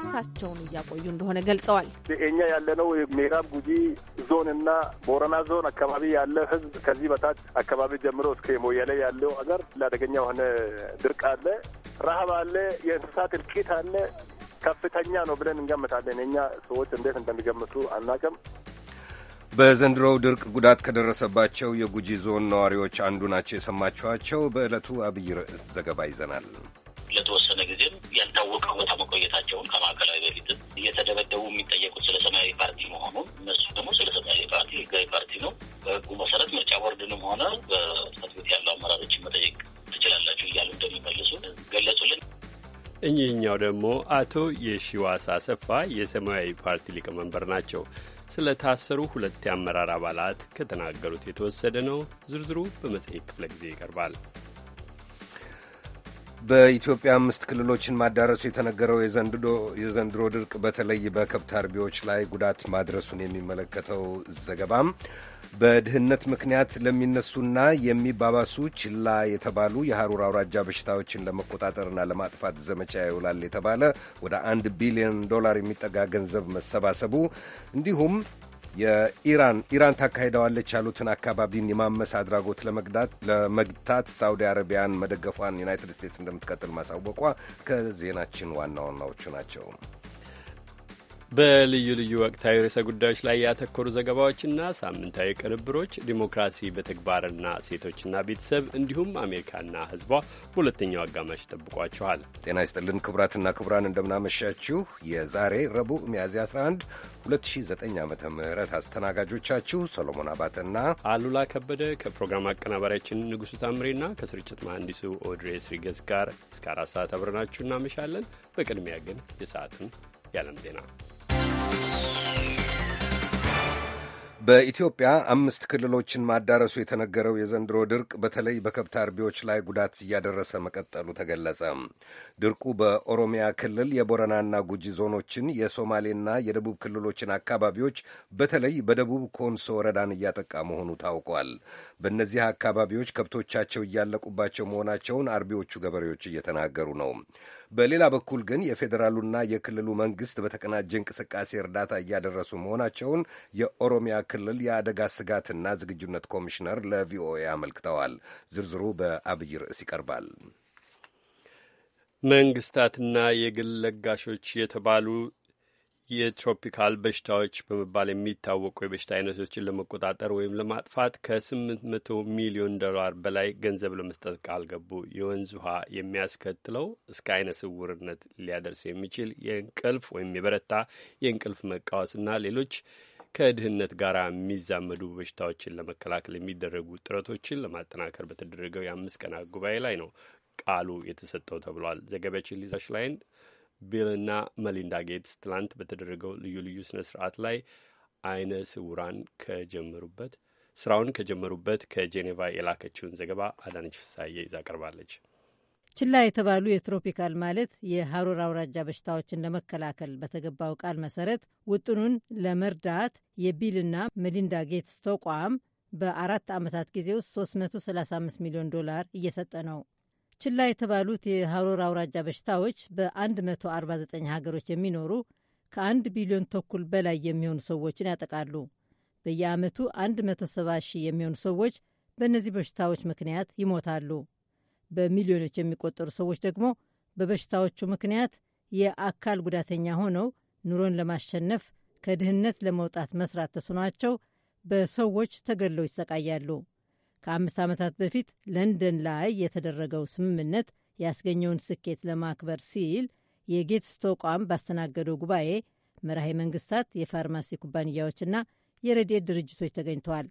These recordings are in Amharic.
ነፍሳቸውን እያቆዩ እንደሆነ ገልጸዋል። እኛ ያለነው ምዕራብ ጉጂ ዞን እና ቦረና ዞን አካባቢ ያለ ህዝብ ከዚህ በታች አካባቢ ጀምሮ እስከ ሞያሌ ያለው ሀገር ለአደገኛ የሆነ ድርቅ አለ፣ ረሀብ አለ፣ የእንስሳት እልቂት አለ። ከፍተኛ ነው ብለን እንገምታለን። እኛ ሰዎች እንዴት እንደሚገምቱ አናቅም። በዘንድሮው ድርቅ ጉዳት ከደረሰባቸው የጉጂ ዞን ነዋሪዎች አንዱ ናቸው የሰማችኋቸው። በዕለቱ አብይ ርዕስ ዘገባ ይዘናል። ያልታወቀ ቦታ መቆየታቸውን ከማዕከላዊ በፊት እየተደበደቡ የሚጠየቁት ስለ ሰማያዊ ፓርቲ መሆኑን እነሱ ደግሞ ስለ ሰማያዊ ፓርቲ ህጋዊ ፓርቲ ነው፣ በህጉ መሰረት ምርጫ ቦርድንም ሆነ በጽሕፈት ቤት ያሉ አመራሮችን መጠየቅ ትችላላችሁ እያሉ እንደሚመልሱ ገለጹልን። እኚህኛው ደግሞ አቶ የሺዋስ አሰፋ የሰማያዊ ፓርቲ ሊቀመንበር ናቸው። ስለ ታሰሩ ሁለት የአመራር አባላት ከተናገሩት የተወሰደ ነው። ዝርዝሩ በመጽሔት ክፍለ ጊዜ ይቀርባል። በኢትዮጵያ አምስት ክልሎችን ማዳረሱ የተነገረው የዘንድሮ ድርቅ በተለይ በከብት አርቢዎች ላይ ጉዳት ማድረሱን የሚመለከተው ዘገባም በድህነት ምክንያት ለሚነሱና የሚባባሱ ችላ የተባሉ የሐሩር አውራጃ በሽታዎችን ለመቆጣጠርና ለማጥፋት ዘመቻ ይውላል የተባለ ወደ አንድ ቢሊዮን ዶላር የሚጠጋ ገንዘብ መሰባሰቡ እንዲሁም የኢራን ኢራን ታካሂደዋለች ያሉትን አካባቢን የማመስ አድራጎት ለመግታት ሳውዲ አረቢያን መደገፏን ዩናይትድ ስቴትስ እንደምትቀጥል ማሳወቋ ከዜናችን ዋና ዋናዎቹ ናቸው። በልዩ ልዩ ወቅታዊ ርዕሰ ጉዳዮች ላይ ያተኮሩ ዘገባዎችና ሳምንታዊ ቅንብሮች፣ ዲሞክራሲ በተግባርና ሴቶችና ቤተሰብ እንዲሁም አሜሪካና ሕዝቧ በሁለተኛው አጋማሽ ይጠብቋችኋል። ጤና ይስጥልን ክቡራትና ክቡራን፣ እንደምናመሻችሁ የዛሬ ረቡዕ ሚያዝያ 11 2009 ዓ ም አስተናጋጆቻችሁ ሰሎሞን አባተና አሉላ ከበደ ከፕሮግራም አቀናባሪያችን ንጉሱ ታምሬና ከስርጭት መሐንዲሱ ኦድሬስ ሪገዝ ጋር እስከ አራት ሰዓት አብረናችሁ እናመሻለን። በቅድሚያ ግን የሰዓትን የዓለም ዜና በኢትዮጵያ አምስት ክልሎችን ማዳረሱ የተነገረው የዘንድሮ ድርቅ በተለይ በከብት አርቢዎች ላይ ጉዳት እያደረሰ መቀጠሉ ተገለጸ። ድርቁ በኦሮሚያ ክልል የቦረናና ጉጂ ዞኖችን፣ የሶማሌና የደቡብ ክልሎችን አካባቢዎች በተለይ በደቡብ ኮንሶ ወረዳን እያጠቃ መሆኑ ታውቋል። በእነዚህ አካባቢዎች ከብቶቻቸው እያለቁባቸው መሆናቸውን አርቢዎቹ ገበሬዎች እየተናገሩ ነው። በሌላ በኩል ግን የፌዴራሉና የክልሉ መንግስት በተቀናጀ እንቅስቃሴ እርዳታ እያደረሱ መሆናቸውን የኦሮሚያ ክልል የአደጋ ስጋትና ዝግጁነት ኮሚሽነር ለቪኦኤ አመልክተዋል። ዝርዝሩ በአብይ ርዕስ ይቀርባል። መንግስታትና የግል ለጋሾች የተባሉ የትሮፒካል በሽታዎች በመባል የሚታወቁ የበሽታ አይነቶችን ለመቆጣጠር ወይም ለማጥፋት ከ800 ሚሊዮን ዶላር በላይ ገንዘብ ለመስጠት ቃል ገቡ። የወንዝ ውሃ የሚያስከትለው እስከ አይነ ስውርነት ሊያደርስ የሚችል የእንቅልፍ ወይም የበረታ የእንቅልፍ መቃወስና ሌሎች ከድህነት ጋር የሚዛመዱ በሽታዎችን ለመከላከል የሚደረጉ ጥረቶችን ለማጠናከር በተደረገው የአምስት ቀናት ጉባኤ ላይ ነው ቃሉ የተሰጠው ተብሏል። ዘገባችን ሊዛ ሽላይን ቢልና መሊንዳ ጌትስ ትላንት በተደረገው ልዩ ልዩ ስነ ስርዓት ላይ አይነ ስውራን ከጀመሩበት ስራውን ከጀመሩበት ከጄኔቫ የላከችውን ዘገባ አዳነች ፍሳዬ ይዛ ቀርባለች። ችላ የተባሉ የትሮፒካል ማለት የሀሮር አውራጃ በሽታዎችን ለመከላከል በተገባው ቃል መሰረት ውጥኑን ለመርዳት የቢልና መሊንዳ ጌትስ ተቋም በአራት ዓመታት ጊዜ ውስጥ 335 ሚሊዮን ዶላር እየሰጠ ነው። ችላ የተባሉት የሀሮር አውራጃ በሽታዎች በ149 ሀገሮች የሚኖሩ ከአንድ ቢሊዮን ተኩል በላይ የሚሆኑ ሰዎችን ያጠቃሉ። በየዓመቱ 170 ሺህ የሚሆኑ ሰዎች በእነዚህ በሽታዎች ምክንያት ይሞታሉ። በሚሊዮኖች የሚቆጠሩ ሰዎች ደግሞ በበሽታዎቹ ምክንያት የአካል ጉዳተኛ ሆነው ኑሮን ለማሸነፍ ከድህነት ለመውጣት መስራት ተስኗቸው በሰዎች ተገለው ይሰቃያሉ። ከአምስት ዓመታት በፊት ለንደን ላይ የተደረገው ስምምነት ያስገኘውን ስኬት ለማክበር ሲል የጌትስ ተቋም ባስተናገደው ጉባኤ መራሄ መንግስታት፣ የፋርማሲ ኩባንያዎችና የረድኤት ድርጅቶች ተገኝተዋል።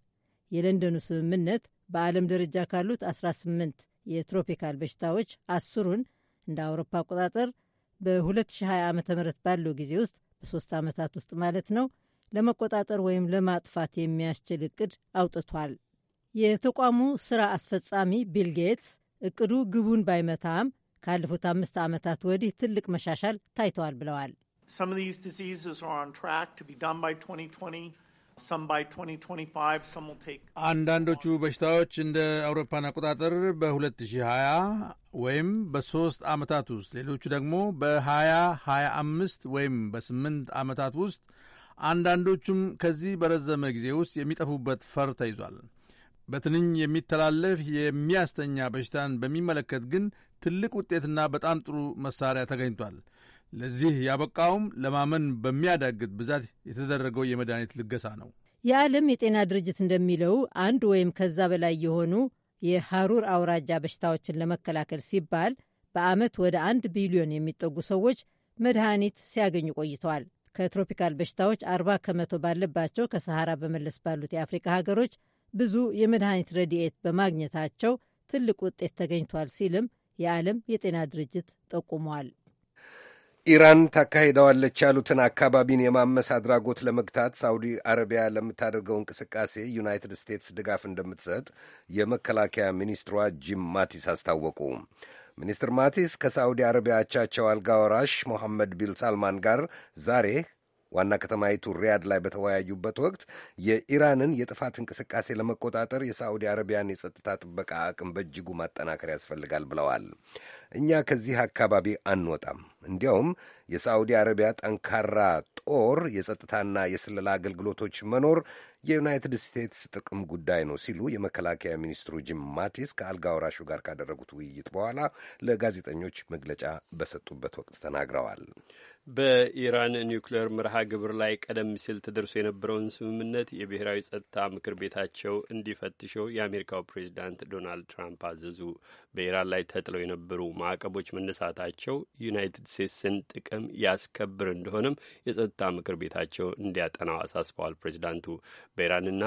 የለንደኑ ስምምነት በዓለም ደረጃ ካሉት 18 የትሮፒካል በሽታዎች አስሩን እንደ አውሮፓ አቆጣጠር በ2020 ዓ ም ባለው ጊዜ ውስጥ በሶስት ዓመታት ውስጥ ማለት ነው ለመቆጣጠር ወይም ለማጥፋት የሚያስችል እቅድ አውጥቷል። የተቋሙ ስራ አስፈጻሚ ቢል ጌትስ እቅዱ ግቡን ባይመታም ካለፉት አምስት ዓመታት ወዲህ ትልቅ መሻሻል ታይተዋል ብለዋል። አንዳንዶቹ በሽታዎች እንደ አውሮፓን አቆጣጠር በ2020 ወይም በሦስት ዓመታት ውስጥ፣ ሌሎቹ ደግሞ በ2025 ወይም በ8 ዓመታት ውስጥ፣ አንዳንዶቹም ከዚህ በረዘመ ጊዜ ውስጥ የሚጠፉበት ፈር ተይዟል። በትንኝ የሚተላለፍ የሚያስተኛ በሽታን በሚመለከት ግን ትልቅ ውጤትና በጣም ጥሩ መሳሪያ ተገኝቷል። ለዚህ ያበቃውም ለማመን በሚያዳግት ብዛት የተደረገው የመድኃኒት ልገሳ ነው። የዓለም የጤና ድርጅት እንደሚለው አንድ ወይም ከዛ በላይ የሆኑ የሐሩር አውራጃ በሽታዎችን ለመከላከል ሲባል በዓመት ወደ አንድ ቢሊዮን የሚጠጉ ሰዎች መድኃኒት ሲያገኙ ቆይተዋል። ከትሮፒካል በሽታዎች አርባ ከመቶ ባለባቸው ከሰሃራ በመለስ ባሉት የአፍሪካ ሀገሮች ብዙ የመድኃኒት ረድኤት በማግኘታቸው ትልቅ ውጤት ተገኝቷል ሲልም የዓለም የጤና ድርጅት ጠቁሟል። ኢራን ታካሂደዋለች ያሉትን አካባቢን የማመስ አድራጎት ለመግታት ሳውዲ አረቢያ ለምታደርገው እንቅስቃሴ ዩናይትድ ስቴትስ ድጋፍ እንደምትሰጥ የመከላከያ ሚኒስትሯ ጂም ማቲስ አስታወቁ። ሚኒስትር ማቲስ ከሳዑዲ አረቢያ አቻቸው አልጋ ወራሽ ሞሐመድ ቢን ሳልማን ጋር ዛሬ ዋና ከተማይቱ ሪያድ ላይ በተወያዩበት ወቅት የኢራንን የጥፋት እንቅስቃሴ ለመቆጣጠር የሳዑዲ አረቢያን የጸጥታ ጥበቃ አቅም በእጅጉ ማጠናከር ያስፈልጋል ብለዋል። እኛ ከዚህ አካባቢ አንወጣም፣ እንዲያውም የሳዑዲ አረቢያ ጠንካራ ጦር፣ የጸጥታና የስለላ አገልግሎቶች መኖር የዩናይትድ ስቴትስ ጥቅም ጉዳይ ነው ሲሉ የመከላከያ ሚኒስትሩ ጂም ማቲስ ከአልጋ ወራሹ ጋር ካደረጉት ውይይት በኋላ ለጋዜጠኞች መግለጫ በሰጡበት ወቅት ተናግረዋል። በኢራን ኒውክሌር መርሃ ግብር ላይ ቀደም ሲል ተደርሶ የነበረውን ስምምነት የብሔራዊ ጸጥታ ምክር ቤታቸው እንዲፈትሸው የአሜሪካው ፕሬዚዳንት ዶናልድ ትራምፕ አዘዙ። በኢራን ላይ ተጥለው የነበሩ ማዕቀቦች መነሳታቸው ዩናይትድ ስቴትስን ጥቅም ያስከብር እንደሆነም የጸጥታ ምክር ቤታቸው እንዲያጠናው አሳስበዋል። ፕሬዚዳንቱ በኢራንና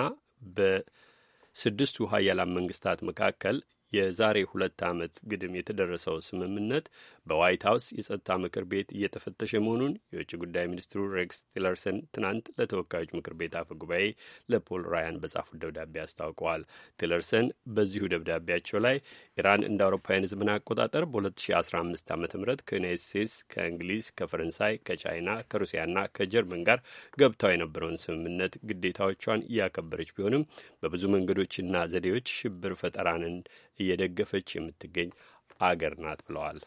በስድስቱ ሀያላን መንግስታት መካከል የዛሬ ሁለት ዓመት ግድም የተደረሰው ስምምነት በዋይት ሀውስ የጸጥታ ምክር ቤት እየተፈተሸ መሆኑን የውጭ ጉዳይ ሚኒስትሩ ሬክስ ቲለርሰን ትናንት ለተወካዮች ምክር ቤት አፈ ጉባኤ ለፖል ራያን በጻፉት ደብዳቤ አስታውቀዋል። ቲለርሰን በዚሁ ደብዳቤያቸው ላይ ኢራን እንደ አውሮፓውያን ዘመን አቆጣጠር በ2015 ዓ ም ከዩናይት ስቴትስ፣ ከእንግሊዝ፣ ከፈረንሳይ፣ ከቻይና፣ ከሩሲያና ከጀርመን ጋር ገብታው የነበረውን ስምምነት ግዴታዎቿን እያከበረች ቢሆንም በብዙ መንገዶችና ዘዴዎች ሽብር ፈጠራንን እየደገፈች የምትገኝ አገር ናት ብለዋል።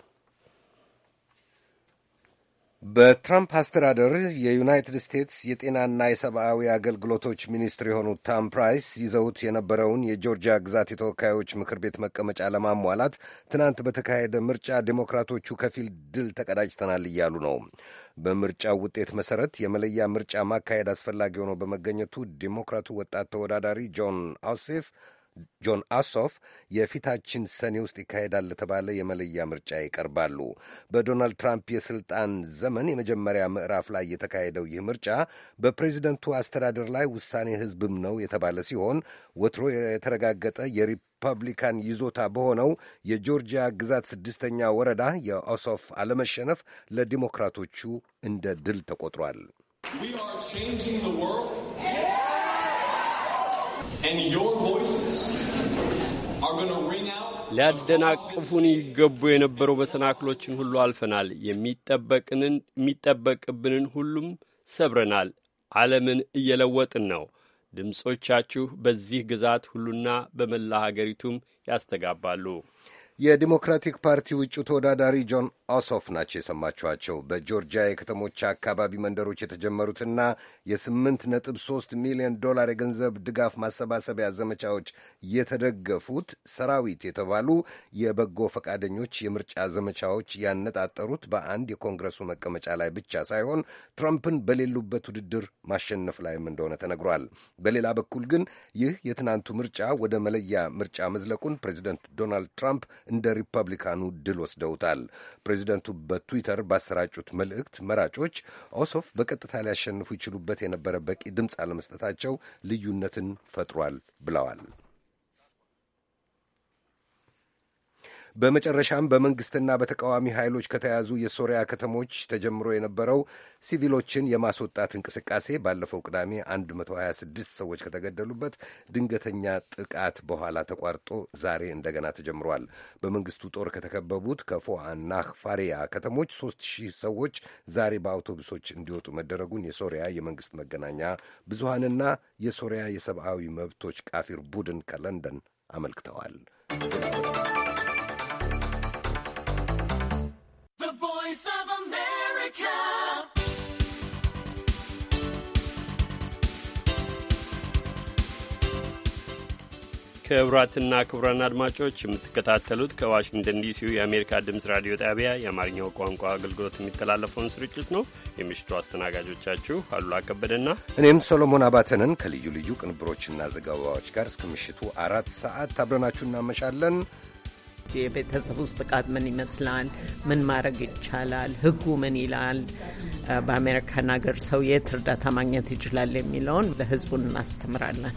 በትራምፕ አስተዳደር የዩናይትድ ስቴትስ የጤናና የሰብአዊ አገልግሎቶች ሚኒስትር የሆኑት ታም ፕራይስ ይዘውት የነበረውን የጆርጂያ ግዛት የተወካዮች ምክር ቤት መቀመጫ ለማሟላት ትናንት በተካሄደ ምርጫ ዴሞክራቶቹ ከፊል ድል ተቀዳጅተናል እያሉ ነው። በምርጫው ውጤት መሰረት የመለያ ምርጫ ማካሄድ አስፈላጊ ሆኖ በመገኘቱ ዴሞክራቱ ወጣት ተወዳዳሪ ጆን አውሴፍ ጆን አሶፍ የፊታችን ሰኔ ውስጥ ይካሄዳል ለተባለ የመለያ ምርጫ ይቀርባሉ። በዶናልድ ትራምፕ የስልጣን ዘመን የመጀመሪያ ምዕራፍ ላይ የተካሄደው ይህ ምርጫ በፕሬዚደንቱ አስተዳደር ላይ ውሳኔ ሕዝብም ነው የተባለ ሲሆን ወትሮ የተረጋገጠ የሪፐብሊካን ይዞታ በሆነው የጆርጂያ ግዛት ስድስተኛ ወረዳ የአሶፍ አለመሸነፍ ለዲሞክራቶቹ እንደ ድል ተቆጥሯል። ሊያደናቅፉን ይገቡ የነበሩ መሰናክሎችን ሁሉ አልፈናል። የሚጠበቅብንን ሁሉም ሰብረናል። ዓለምን እየለወጥን ነው። ድምፆቻችሁ በዚህ ግዛት ሁሉና በመላ ሀገሪቱም ያስተጋባሉ። የዲሞክራቲክ ፓርቲ ውጩ ተወዳዳሪ ጆን ኦሶፍ ናቸው የሰማችኋቸው። በጆርጂያ የከተሞች አካባቢ መንደሮች የተጀመሩትና የስምንት ነጥብ ሶስት ሚሊዮን ዶላር የገንዘብ ድጋፍ ማሰባሰቢያ ዘመቻዎች የተደገፉት ሰራዊት የተባሉ የበጎ ፈቃደኞች የምርጫ ዘመቻዎች ያነጣጠሩት በአንድ የኮንግረሱ መቀመጫ ላይ ብቻ ሳይሆን ትራምፕን በሌሉበት ውድድር ማሸነፍ ላይም እንደሆነ ተነግሯል። በሌላ በኩል ግን ይህ የትናንቱ ምርጫ ወደ መለያ ምርጫ መዝለቁን ፕሬዚደንት ዶናልድ ትራምፕ እንደ ሪፐብሊካኑ ድል ወስደውታል። ፕሬዚደንቱ በትዊተር ባሰራጩት መልእክት መራጮች ኦሶፍ በቀጥታ ሊያሸንፉ ይችሉበት የነበረ በቂ ድምፅ አለመስጠታቸው ልዩነትን ፈጥሯል ብለዋል። በመጨረሻም በመንግስትና በተቃዋሚ ኃይሎች ከተያዙ የሶሪያ ከተሞች ተጀምሮ የነበረው ሲቪሎችን የማስወጣት እንቅስቃሴ ባለፈው ቅዳሜ 126 ሰዎች ከተገደሉበት ድንገተኛ ጥቃት በኋላ ተቋርጦ ዛሬ እንደገና ተጀምሯል። በመንግስቱ ጦር ከተከበቡት ከፎአና ፋሪያ ከተሞች 3000 ሰዎች ዛሬ በአውቶቡሶች እንዲወጡ መደረጉን የሶሪያ የመንግስት መገናኛ ብዙሃንና የሶሪያ የሰብአዊ መብቶች ቃፊር ቡድን ከለንደን አመልክተዋል። ክቡራትና ክቡራን አድማጮች የምትከታተሉት ከዋሽንግተን ዲሲው የአሜሪካ ድምፅ ራዲዮ ጣቢያ የአማርኛው ቋንቋ አገልግሎት የሚተላለፈውን ስርጭት ነው። የምሽቱ አስተናጋጆቻችሁ አሉላ ከበደና እኔም ሶሎሞን አባተንን ከልዩ ልዩ ቅንብሮችና ዘገባዎች ጋር እስከ ምሽቱ አራት ሰዓት አብረናችሁ እናመሻለን። የቤተሰብ ውስጥ ጥቃት ምን ይመስላል? ምን ማድረግ ይቻላል? ህጉ ምን ይላል? በአሜሪካን ሀገር ሰው የት እርዳታ ማግኘት ይችላል የሚለውን ለህዝቡን እናስተምራለን።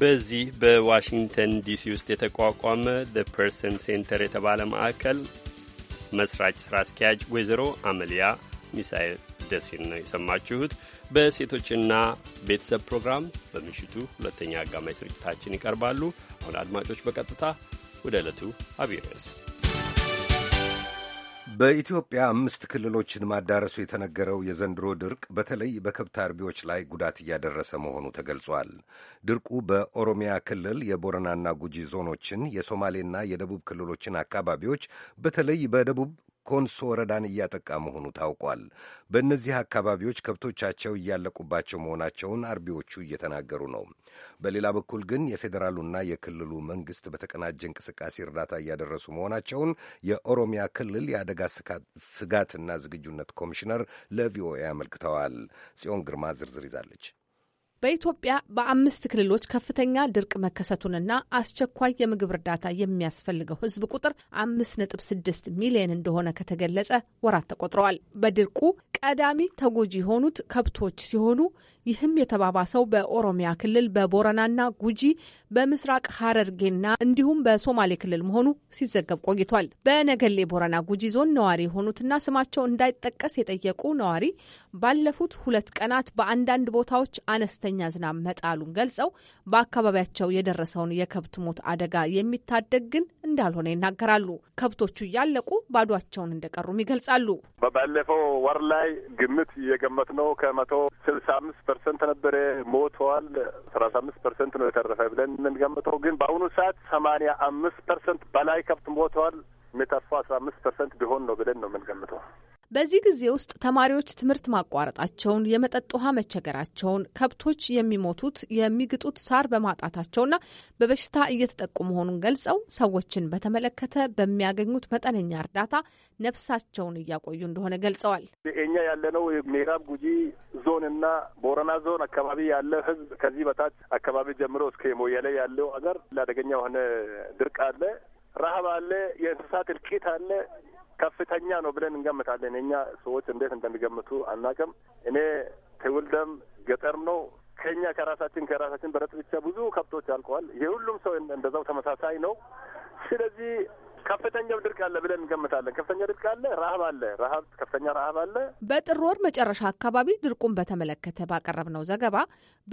በዚህ በዋሽንግተን ዲሲ ውስጥ የተቋቋመ ዘ ፐርሰን ሴንተር የተባለ ማዕከል መስራች ስራ አስኪያጅ ወይዘሮ አመሊያ ሚሳኤል ደሲን ነው የሰማችሁት። በሴቶችና ቤተሰብ ፕሮግራም በምሽቱ ሁለተኛ አጋማሽ ስርጭታችን ይቀርባሉ። አሁን አድማጮች በቀጥታ ወደ ዕለቱ አብይ ርዕስ በኢትዮጵያ አምስት ክልሎችን ማዳረሱ የተነገረው የዘንድሮ ድርቅ በተለይ በከብት አርቢዎች ላይ ጉዳት እያደረሰ መሆኑ ተገልጿል። ድርቁ በኦሮሚያ ክልል የቦረናና ጉጂ ዞኖችን፣ የሶማሌና የደቡብ ክልሎችን አካባቢዎች በተለይ በደቡብ ኮንሶ ወረዳን እያጠቃ መሆኑ ታውቋል። በእነዚህ አካባቢዎች ከብቶቻቸው እያለቁባቸው መሆናቸውን አርቢዎቹ እየተናገሩ ነው። በሌላ በኩል ግን የፌዴራሉና የክልሉ መንግስት በተቀናጀ እንቅስቃሴ እርዳታ እያደረሱ መሆናቸውን የኦሮሚያ ክልል የአደጋ ስጋትና ዝግጁነት ኮሚሽነር ለቪኦኤ አመልክተዋል። ጽዮን ግርማ ዝርዝር ይዛለች። በኢትዮጵያ በአምስት ክልሎች ከፍተኛ ድርቅ መከሰቱንና አስቸኳይ የምግብ እርዳታ የሚያስፈልገው ሕዝብ ቁጥር አምስት ነጥብ ስድስት ሚሊየን እንደሆነ ከተገለጸ ወራት ተቆጥረዋል። በድርቁ ቀዳሚ ተጎጂ የሆኑት ከብቶች ሲሆኑ ይህም የተባባሰው በኦሮሚያ ክልል በቦረናና ጉጂ በምስራቅ ሀረርጌና እንዲሁም በሶማሌ ክልል መሆኑ ሲዘገብ ቆይቷል። በነገሌ ቦረና ጉጂ ዞን ነዋሪ የሆኑትና ስማቸው እንዳይጠቀስ የጠየቁ ነዋሪ ባለፉት ሁለት ቀናት በአንዳንድ ቦታዎች አነስተኛ ዝናብ መጣሉን ገልጸው በአካባቢያቸው የደረሰውን የከብት ሞት አደጋ የሚታደግ ግን እንዳልሆነ ይናገራሉ። ከብቶቹ እያለቁ ባዷቸውን እንደቀሩም ይገልጻሉ። በባለፈው ወር ላይ ግምት እየገመት ነው ከመቶ ስልሳ አምስት ፐርሰንት ነበረ ሞተዋል። ሰላሳ አምስት ፐርሰንት ነው የተረፈ ብለን የምንገምተው ግን በአሁኑ ሰዓት ሰማንያ አምስት ፐርሰንት በላይ ከብት ሞተዋል። የሚተርፈው አስራ አምስት ፐርሰንት ቢሆን ነው ብለን ነው የምንገምተው። በዚህ ጊዜ ውስጥ ተማሪዎች ትምህርት ማቋረጣቸውን፣ የመጠጥ ውሃ መቸገራቸውን፣ ከብቶች የሚሞቱት የሚግጡት ሳር በማጣታቸውና በበሽታ እየተጠቁ መሆኑን ገልጸው ሰዎችን በተመለከተ በሚያገኙት መጠነኛ እርዳታ ነፍሳቸውን እያቆዩ እንደሆነ ገልጸዋል። እኛ ያለነው ምዕራብ ጉጂ ዞንና ቦረና ዞን አካባቢ ያለ ህዝብ ከዚህ በታች አካባቢ ጀምሮ እስከ ሞያሌ ያለው አገር ለአደገኛ የሆነ ድርቅ አለ፣ ረሀብ አለ፣ የእንስሳት እልቂት አለ። ከፍተኛ ነው ብለን እንገምታለን። እኛ ሰዎች እንዴት እንደሚገምቱ አናቅም። እኔ ትውልደም ገጠር ነው ከኛ ከራሳችን ከራሳችን በረት ብቻ ብዙ ከብቶች አልቀዋል። የሁሉም ሰው እንደዛው ተመሳሳይ ነው። ስለዚህ ከፍተኛው ድርቅ አለ ብለን እንገምታለን። ከፍተኛ ድርቅ አለ፣ ረሀብ አለ፣ ረሀብ ከፍተኛ ረሀብ አለ። በጥር ወር መጨረሻ አካባቢ ድርቁን በተመለከተ ባቀረብነው ዘገባ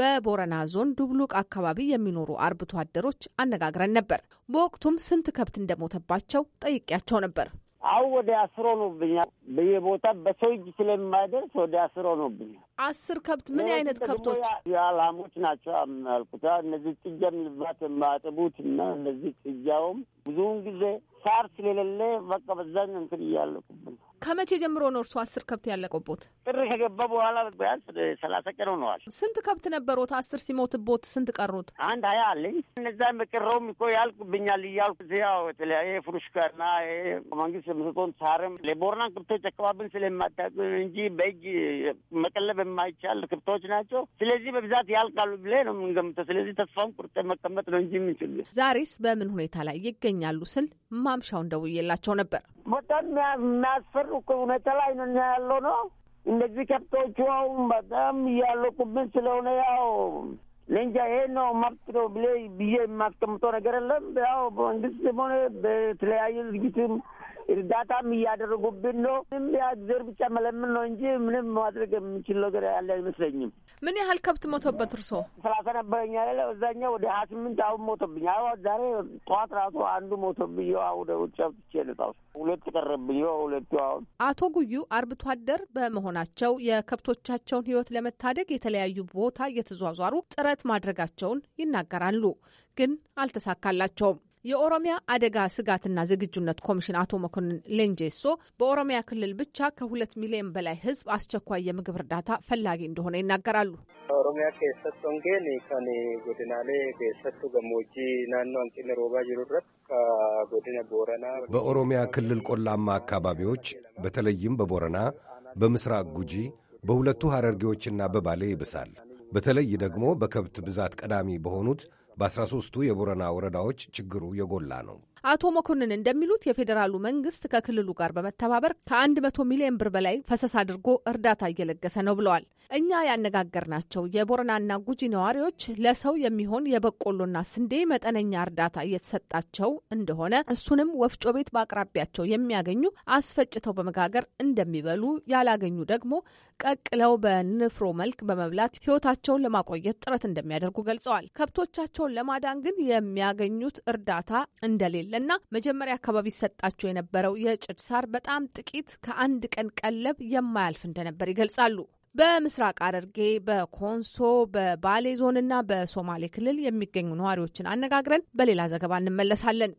በቦረና ዞን ዱብሉቅ አካባቢ የሚኖሩ አርብቶ አደሮች አነጋግረን ነበር። በወቅቱም ስንት ከብት እንደሞተባቸው ጠይቄያቸው ነበር። አሁ ወደ አስር ሆኖብኛል። በየቦታ በሰው እጅ ስለማይደርስ ወደ አስር ሆኖብኛል። አስር ከብት ምን አይነት ከብቶች? የላሞች ናቸው አልኩት። እነዚህ ጥጃ ምንባት የማጥቡት እና እነዚህ ጥጃውም ብዙውን ጊዜ ሳር ስለሌለ በቃ በዛን እንትን እያለኩብን ከመቼ ጀምሮ ነው እርሶ አስር ከብት ያለቀቦት? ጥር ከገባ በኋላ ቢያንስ ሰላሳ ቀን ሆነዋል። ስንት ከብት ነበሮት? አስር ሲሞትቦት ስንት ቀሩት? አንድ ሀያ አለኝ። እነዛም በቀረውም እኮ ያልቅብኛል እያልኩ ያው የተለያየ ፍሩሽካና መንግስት ምስቶን ሳርም ለቦርና ክብቶች አካባቢን ስለማታውቅ እንጂ በእጅ መቀለብ የማይቻል ክብቶች ናቸው። ስለዚህ በብዛት ያልቃሉ ብለህ ነው የምንገምተው። ስለዚህ ተስፋም ቁርጠ መቀመጥ ነው እንጂ የምንችል ዛሬስ በምን ሁኔታ ላይ ይገኛሉ ስል ማምሻውን ደውዬላቸው ነበር። በጣም የሚያስፈር እኩል ሁኔታ ላይ ነው እኛ ያለው ነው። እንደዚህ ከብቶቹ አሁን በጣም እያለቁብን ስለሆነ ያው ለእንጃ ይሄ ነው መብት ነው ብዬ ብዬ የማስቀምጠው ነገር የለም። ያው በመንግስት ሆነ በተለያዩ ድርጅትም እርዳታም እያደረጉብን ነው። ምንም ያእግዜር ብቻ መለምን ነው እንጂ ምንም ማድረግ የምንችል ነገር ያለ አይመስለኝም። ምን ያህል ከብት ሞቶበት? እርሶ ሰላሳ ነበረኛ ለ በዛኛው ወደ ሀያ ስምንት አሁን ሞቶብኝ። አ ዛሬ ጠዋት ራሱ አንዱ ሞቶብኝ። ያው ወደ ውጭ ብቼ ልጣው ሁለት ቀረብኝ። ሁለቱ አሁን አቶ ጉዩ አርብቶ አደር በመሆናቸው የከብቶቻቸውን ህይወት ለመታደግ የተለያዩ ቦታ እየተዟዟሩ ጥረት ማድረጋቸውን ይናገራሉ። ግን አልተሳካላቸውም። የኦሮሚያ አደጋ ስጋትና ዝግጁነት ኮሚሽን አቶ መኮንን ሌንጄሶ በኦሮሚያ ክልል ብቻ ከሁለት ሚሊዮን በላይ ህዝብ አስቸኳይ የምግብ እርዳታ ፈላጊ እንደሆነ ይናገራሉ። ኦሮሚያ ኬሰት ቶንጌን ጎድናሌ ኬሰቱ ገሞጂ ናኖ አንቂን ሮባ ጅሩረት ከጎድነ ቦረና በኦሮሚያ ክልል ቆላማ አካባቢዎች በተለይም በቦረና በምስራቅ ጉጂ በሁለቱ ሐረርጌዎችና በባሌ ይብሳል። በተለይ ደግሞ በከብት ብዛት ቀዳሚ በሆኑት በ13ቱ የቦረና ወረዳዎች ችግሩ የጎላ ነው። አቶ መኮንን እንደሚሉት የፌዴራሉ መንግስት ከክልሉ ጋር በመተባበር ከአንድ መቶ ሚሊዮን ብር በላይ ፈሰስ አድርጎ እርዳታ እየለገሰ ነው ብለዋል። እኛ ያነጋገርናቸው የቦረናና ጉጂ ነዋሪዎች ለሰው የሚሆን የበቆሎና ስንዴ መጠነኛ እርዳታ እየተሰጣቸው እንደሆነ እሱንም ወፍጮ ቤት በአቅራቢያቸው የሚያገኙ አስፈጭተው በመጋገር እንደሚበሉ ያላገኙ ደግሞ ቀቅለው በንፍሮ መልክ በመብላት ህይወታቸውን ለማቆየት ጥረት እንደሚያደርጉ ገልጸዋል። ከብቶቻቸውን ለማዳን ግን የሚያገኙት እርዳታ እንደሌለ አለና መጀመሪያ አካባቢ ሰጣቸው የነበረው የጭድ ሳር በጣም ጥቂት ከአንድ ቀን ቀለብ የማያልፍ እንደነበር ይገልጻሉ። በምስራቅ ሐረርጌ፣ በኮንሶ፣ በባሌ ዞንና በሶማሌ ክልል የሚገኙ ነዋሪዎችን አነጋግረን በሌላ ዘገባ እንመለሳለን።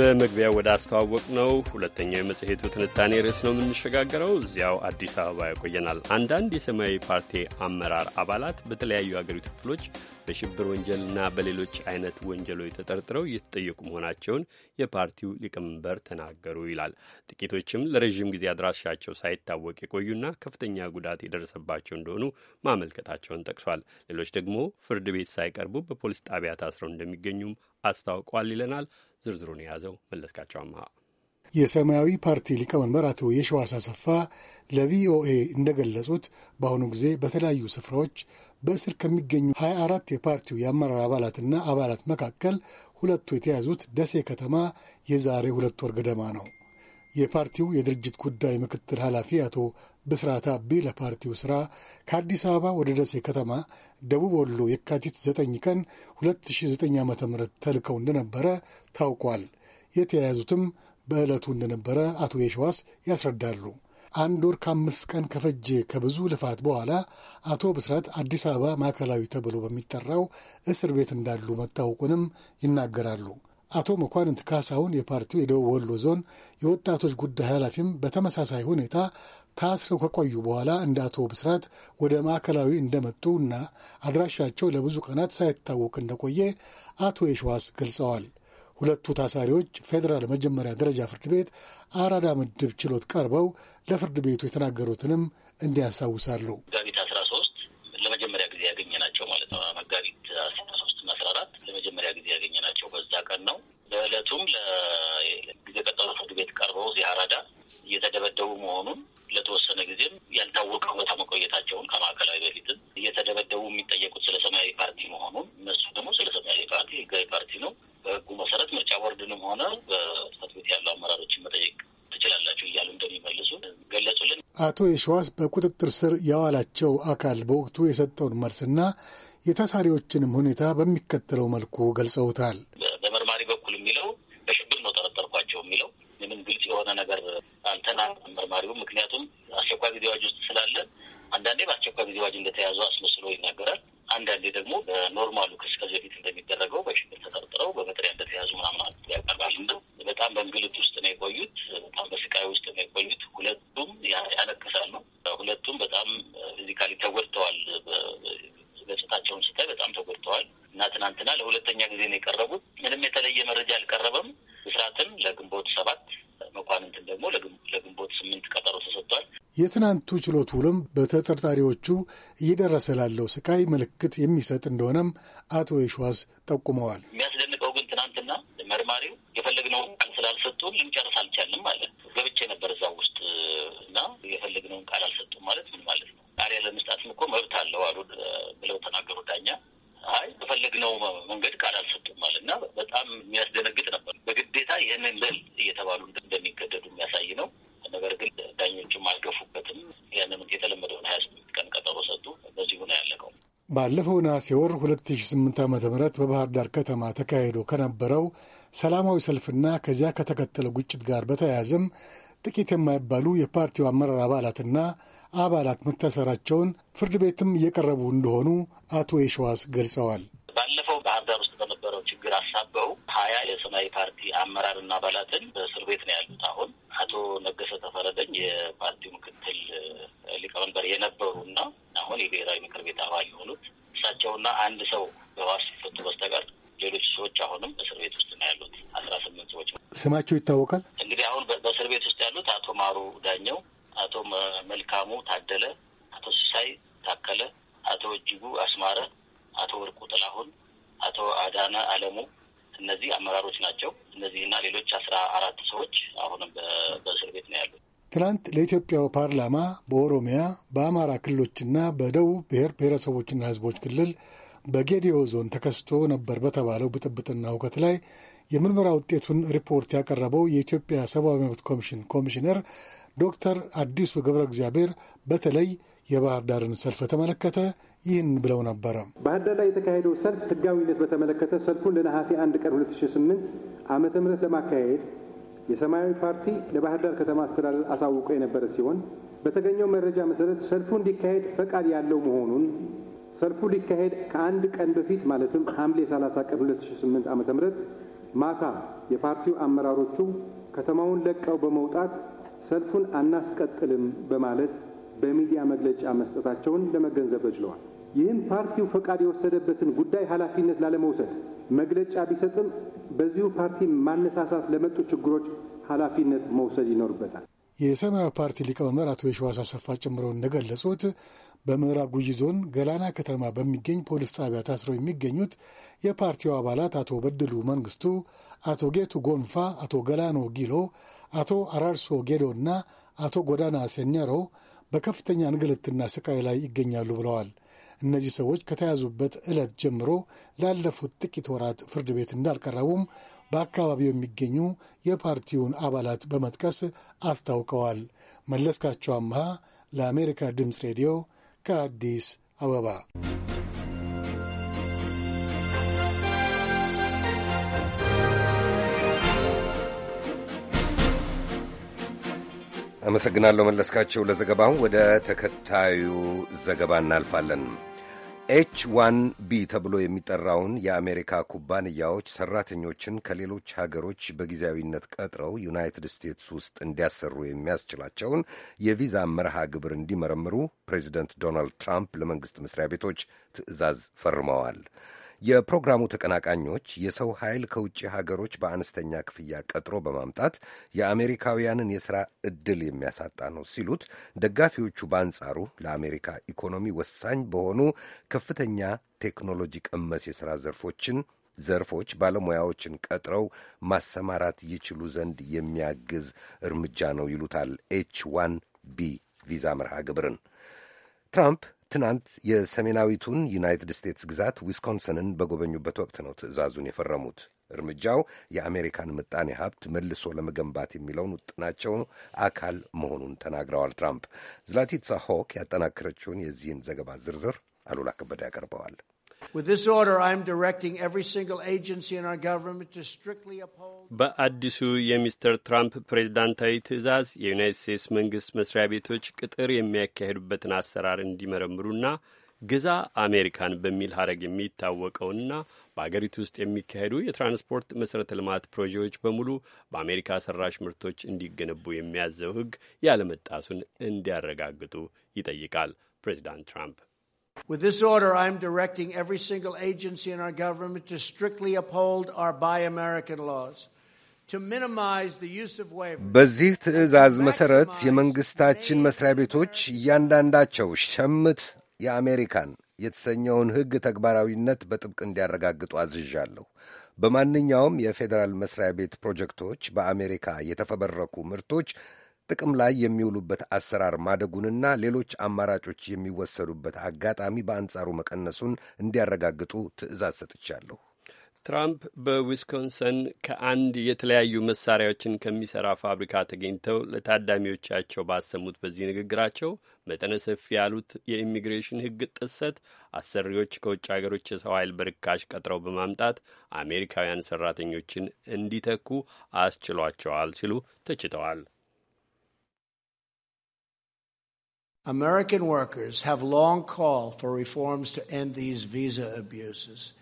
በመግቢያ ወደ አስተዋወቅ ነው ሁለተኛው የመጽሔቱ ትንታኔ ርዕስ ነው የምንሸጋገረው። እዚያው አዲስ አበባ ያቆየናል። አንዳንድ የሰማያዊ ፓርቲ አመራር አባላት በተለያዩ አገሪቱ ክፍሎች በሽብር ወንጀልና በሌሎች አይነት ወንጀሎች ተጠርጥረው እየተጠየቁ መሆናቸውን የፓርቲው ሊቀመንበር ተናገሩ ይላል። ጥቂቶችም ለረዥም ጊዜ አድራሻቸው ሳይታወቅ የቆዩና ከፍተኛ ጉዳት የደረሰባቸው እንደሆኑ ማመልከታቸውን ጠቅሷል። ሌሎች ደግሞ ፍርድ ቤት ሳይቀርቡ በፖሊስ ጣቢያ ታስረው እንደሚገኙም አስታውቋል ይለናል። ዝርዝሩን የያዘው መለስካቸው አመሀ የሰማያዊ ፓርቲ ሊቀመንበር አቶ የሸዋስ አሰፋ ለቪኦኤ እንደገለጹት በአሁኑ ጊዜ በተለያዩ ስፍራዎች በእስር ከሚገኙ 24 የፓርቲው የአመራር አባላትና አባላት መካከል ሁለቱ የተያዙት ደሴ ከተማ የዛሬ ሁለት ወር ገደማ ነው። የፓርቲው የድርጅት ጉዳይ ምክትል ኃላፊ አቶ ብስራት አቢ ለፓርቲው ሥራ ከአዲስ አበባ ወደ ደሴ ከተማ ደቡብ ወሎ የካቲት 9 ቀን 2009 ዓ ም ተልከው እንደነበረ ታውቋል። የተያያዙትም በዕለቱ እንደነበረ አቶ የሸዋስ ያስረዳሉ። አንድ ወር ከአምስት ቀን ከፈጀ ከብዙ ልፋት በኋላ አቶ ብስራት አዲስ አበባ ማዕከላዊ ተብሎ በሚጠራው እስር ቤት እንዳሉ መታወቁንም ይናገራሉ። አቶ መኳንንት ካሳሁን የፓርቲው የደቡብ ወሎ ዞን የወጣቶች ጉዳይ ኃላፊም በተመሳሳይ ሁኔታ ታስረው ከቆዩ በኋላ እንደ አቶ ብስራት ወደ ማዕከላዊ እንደመጡ እና አድራሻቸው ለብዙ ቀናት ሳይታወቅ እንደቆየ አቶ የሸዋስ ገልጸዋል። ሁለቱ ታሳሪዎች ፌዴራል መጀመሪያ ደረጃ ፍርድ ቤት አራዳ ምድብ ችሎት ቀርበው ለፍርድ ቤቱ የተናገሩትንም እንዲያስታውሳሉ። መጋቢት አስራ ሶስት ለመጀመሪያ ጊዜ ያገኘ ናቸው ማለት ነው። መጋቢት አስራ ሶስት እና አስራ አራት ለመጀመሪያ ጊዜ ያገኘ ናቸው በዛ ቀን ነው። በእለቱም ለጊዜ ቀጠሮ ፍርድ ቤት ቀርበው እዚህ እየተደበደቡ መሆኑን ለተወሰነ ጊዜም ያልታወቀ ቦታ መቆየታቸውን ከማዕከላዊ በፊትም እየተደበደቡ የሚጠየቁት ስለ ሰማያዊ ፓርቲ መሆኑን እነሱ ደግሞ ስለ ሰማያዊ ፓርቲ ህጋዊ ፓርቲ ነው። በህጉ መሰረት ምርጫ ቦርድንም ሆነ በጽሕፈት ቤት ያሉ አመራሮችን መጠየቅ ትችላላችሁ እያሉ እንደሚመልሱ ገለጹልን። አቶ የሸዋስ በቁጥጥር ስር ያዋላቸው አካል በወቅቱ የሰጠውን መልስና የታሳሪዎችንም ሁኔታ በሚከተለው መልኩ ገልጸውታል። በመርማሪ በኩል የሚለው በሽብር ነው ጠረጠርኳቸው የሚለው ምንም ግልጽ የሆነ ነገር አልተናገረም መርማሪው። ምክንያቱም አስቸኳይ ጊዜ አዋጅ ውስጥ ስላለ አንዳንዴ በአስቸኳይ ጊዜ አዋጅ እንደተያዙ አስመስሎ ይናገራል። አንዳንዴ ደግሞ በኖርማሉ ክስ ከዚህ በፊት እንደሚደረገው በሽብር ተጠርጥረው በመጥሪያ እንደተያዙ ምናምን ያቀርባል። በጣም በእንግልት ውስጥ ነው የቆዩት። በጣም በስቃይ ውስጥ ነው የቆዩት። ሁለቱም ያለቅሳሉ። ሁለቱም በጣም ፊዚካሊ ተጎድተዋል። ገጽታቸውን ስታይ በጣም ተጎድተዋል እና ትናንትና ለሁለተኛ ጊዜ ነው የቀረቡት። ምንም የተለየ መረጃ አልቀረበም። እስራትን ለግንቦት ሰባት መኳንንትን ደግሞ ለግንቦት ስምንት ቀጠሮ ተሰጥቷል። የትናንቱ ችሎት ውልም በተጠርጣሪዎቹ እየደረሰ ላለው ስቃይ ምልክት የሚሰጥ እንደሆነም አቶ የሸዋስ ጠቁመዋል። ባለፈው ነሐሴ ወር 2008 ዓ ም በባህር ዳር ከተማ ተካሂዶ ከነበረው ሰላማዊ ሰልፍና ከዚያ ከተከተለው ግጭት ጋር በተያያዘም ጥቂት የማይባሉ የፓርቲው አመራር አባላትና አባላት መታሰራቸውን ፍርድ ቤትም እየቀረቡ እንደሆኑ አቶ የሸዋስ ገልጸዋል። ባለፈው ባህር ዳር ውስጥ በነበረው ችግር አሳበው ሀያ የሰማያዊ ፓርቲ አመራርና አባላትን በእስር ቤት ነው ያሉት። አሁን አቶ ነገሰ ተፈረደኝ የፓርቲው ምክትል ሊቀመንበር የነበሩ እና አሁን የብሔራዊ ምክር ቤት አባል የሆኑት እሳቸውና አንድ ሰው በዋስ ፍቱ በስተቀር ሌሎች ሰዎች አሁንም እስር ቤት ውስጥ ነው ያሉት። አስራ ስምንት ሰዎች ስማቸው ይታወቃል። እንግዲህ አሁን በእስር ቤት ውስጥ ያሉት አቶ ማሩ ዳኘው፣ አቶ መልካሙ ታደለ፣ አቶ ሲሳይ ታከለ፣ አቶ እጅጉ አስማረ፣ አቶ ወርቁ ጥላሁን፣ አቶ አዳነ አለሙ እነዚህ አመራሮች ናቸው። እነዚህና ሌሎች አስራ አራት ሰዎች አሁንም በእስር ቤት ነው ያሉት። ትናንት ለኢትዮጵያው ፓርላማ በኦሮሚያ በአማራ ክልሎችና በደቡብ ብሔር ብሔረሰቦችና ሕዝቦች ክልል በጌዲዮ ዞን ተከስቶ ነበር በተባለው ብጥብጥና እውከት ላይ የምርመራ ውጤቱን ሪፖርት ያቀረበው የኢትዮጵያ ሰብአዊ መብት ኮሚሽን ኮሚሽነር ዶክተር አዲሱ ገብረ እግዚአብሔር በተለይ የባህር ዳርን ሰልፍ በተመለከተ ይህን ብለው ነበረ። ባህር ዳር ላይ የተካሄደው ሰልፍ ህጋዊነት በተመለከተ ሰልፉን ለነሐሴ አንድ ቀን 2008 ዓመተ ምህረት ለማካሄድ የሰማያዊ ፓርቲ ለባህር ዳር ከተማ አስተዳደር አሳውቆ የነበረ ሲሆን በተገኘው መረጃ መሰረት ሰልፉ እንዲካሄድ ፈቃድ ያለው መሆኑን ሰልፉ ሊካሄድ ከአንድ ቀን በፊት ማለትም ሐምሌ 30 ቀን 2008 ዓ ም ማታ የፓርቲው አመራሮቹ ከተማውን ለቀው በመውጣት ሰልፉን አናስቀጥልም በማለት በሚዲያ መግለጫ መስጠታቸውን ለመገንዘብ ተችለዋል። ይህም ፓርቲው ፈቃድ የወሰደበትን ጉዳይ ኃላፊነት ላለመውሰድ መግለጫ ቢሰጥም በዚሁ ፓርቲ ማነሳሳት ለመጡ ችግሮች ኃላፊነት መውሰድ ይኖርበታል። የሰማያዊ ፓርቲ ሊቀመንበር አቶ የሸዋስ አሰፋ ጨምረው እንደገለጹት በምዕራብ ጉጂ ዞን ገላና ከተማ በሚገኝ ፖሊስ ጣቢያ ታስረው የሚገኙት የፓርቲው አባላት አቶ በድሉ መንግስቱ፣ አቶ ጌቱ ጎንፋ፣ አቶ ገላኖ ጊሎ፣ አቶ አራርሶ ጌዶ እና አቶ ጎዳና ሴኔሮ በከፍተኛ እንግልትና ስቃይ ላይ ይገኛሉ ብለዋል። እነዚህ ሰዎች ከተያዙበት ዕለት ጀምሮ ላለፉት ጥቂት ወራት ፍርድ ቤት እንዳልቀረቡም በአካባቢው የሚገኙ የፓርቲውን አባላት በመጥቀስ አስታውቀዋል። መለስካቸው አምሃ ለአሜሪካ ድምፅ ሬዲዮ ከአዲስ አበባ አመሰግናለሁ መለስካቸው ለዘገባው። ወደ ተከታዩ ዘገባ እናልፋለን። ኤች ዋን ቢ ተብሎ የሚጠራውን የአሜሪካ ኩባንያዎች ሰራተኞችን ከሌሎች ሀገሮች በጊዜያዊነት ቀጥረው ዩናይትድ ስቴትስ ውስጥ እንዲያሰሩ የሚያስችላቸውን የቪዛ መርሃ ግብር እንዲመረምሩ ፕሬዚደንት ዶናልድ ትራምፕ ለመንግሥት መስሪያ ቤቶች ትዕዛዝ ፈርመዋል። የፕሮግራሙ ተቀናቃኞች የሰው ኃይል ከውጭ ሀገሮች በአነስተኛ ክፍያ ቀጥሮ በማምጣት የአሜሪካውያንን የሥራ ዕድል የሚያሳጣ ነው ሲሉት፣ ደጋፊዎቹ በአንጻሩ ለአሜሪካ ኢኮኖሚ ወሳኝ በሆኑ ከፍተኛ ቴክኖሎጂ ቀመስ የሥራ ዘርፎችን ዘርፎች ባለሙያዎችን ቀጥረው ማሰማራት ይችሉ ዘንድ የሚያግዝ እርምጃ ነው ይሉታል ኤች ዋን ቢ ቪዛ መርሃ ግብርን ትራምፕ ትናንት የሰሜናዊቱን ዩናይትድ ስቴትስ ግዛት ዊስኮንሰንን በጎበኙበት ወቅት ነው ትዕዛዙን የፈረሙት። እርምጃው የአሜሪካን ምጣኔ ሀብት መልሶ ለመገንባት የሚለውን ውጥናቸው አካል መሆኑን ተናግረዋል ትራምፕ። ዝላቲትሳ ሆክ ያጠናከረችውን የዚህን ዘገባ ዝርዝር አሉላ ከበደ ያቀርበዋል። በአዲሱ የሚስተር ትራምፕ ፕሬዝዳንታዊ ትዕዛዝ የዩናይት ስቴትስ መንግሥት መስሪያ ቤቶች ቅጥር የሚያካሄዱበትን አሰራር እንዲመረምሩና ግዛ አሜሪካን በሚል ሀረግ የሚታወቀውና በአገሪቱ ውስጥ የሚካሄዱ የትራንስፖርት መሠረተ ልማት ፕሮጀክቶች በሙሉ በአሜሪካ ሰራሽ ምርቶች እንዲገነቡ የሚያዘው ሕግ ያለመጣሱን እንዲያረጋግጡ ይጠይቃል ፕሬዚዳንት ትራምፕ With this order, I'm directing every single agency in our government to strictly uphold our Buy American laws. በዚህ ትዕዛዝ መሠረት የመንግሥታችን መሥሪያ ቤቶች እያንዳንዳቸው ሸምት የአሜሪካን የተሰኘውን ሕግ ተግባራዊነት በጥብቅ እንዲያረጋግጡ አዝዣለሁ። በማንኛውም የፌዴራል መሥሪያ ቤት ፕሮጀክቶች በአሜሪካ የተፈበረኩ ምርቶች ጥቅም ላይ የሚውሉበት አሰራር ማደጉንና ሌሎች አማራጮች የሚወሰዱበት አጋጣሚ በአንጻሩ መቀነሱን እንዲያረጋግጡ ትዕዛዝ ሰጥቻለሁ። ትራምፕ በዊስኮንሰን ከአንድ የተለያዩ መሳሪያዎችን ከሚሰራ ፋብሪካ ተገኝተው ለታዳሚዎቻቸው ባሰሙት በዚህ ንግግራቸው መጠነ ሰፊ ያሉት የኢሚግሬሽን ሕግ ጥሰት አሰሪዎች ከውጭ ሀገሮች የሰው ኃይል በርካሽ ቀጥረው በማምጣት አሜሪካውያን ሰራተኞችን እንዲተኩ አስችሏቸዋል ሲሉ ተችተዋል። American workers have long called for reforms to end these visa abuses.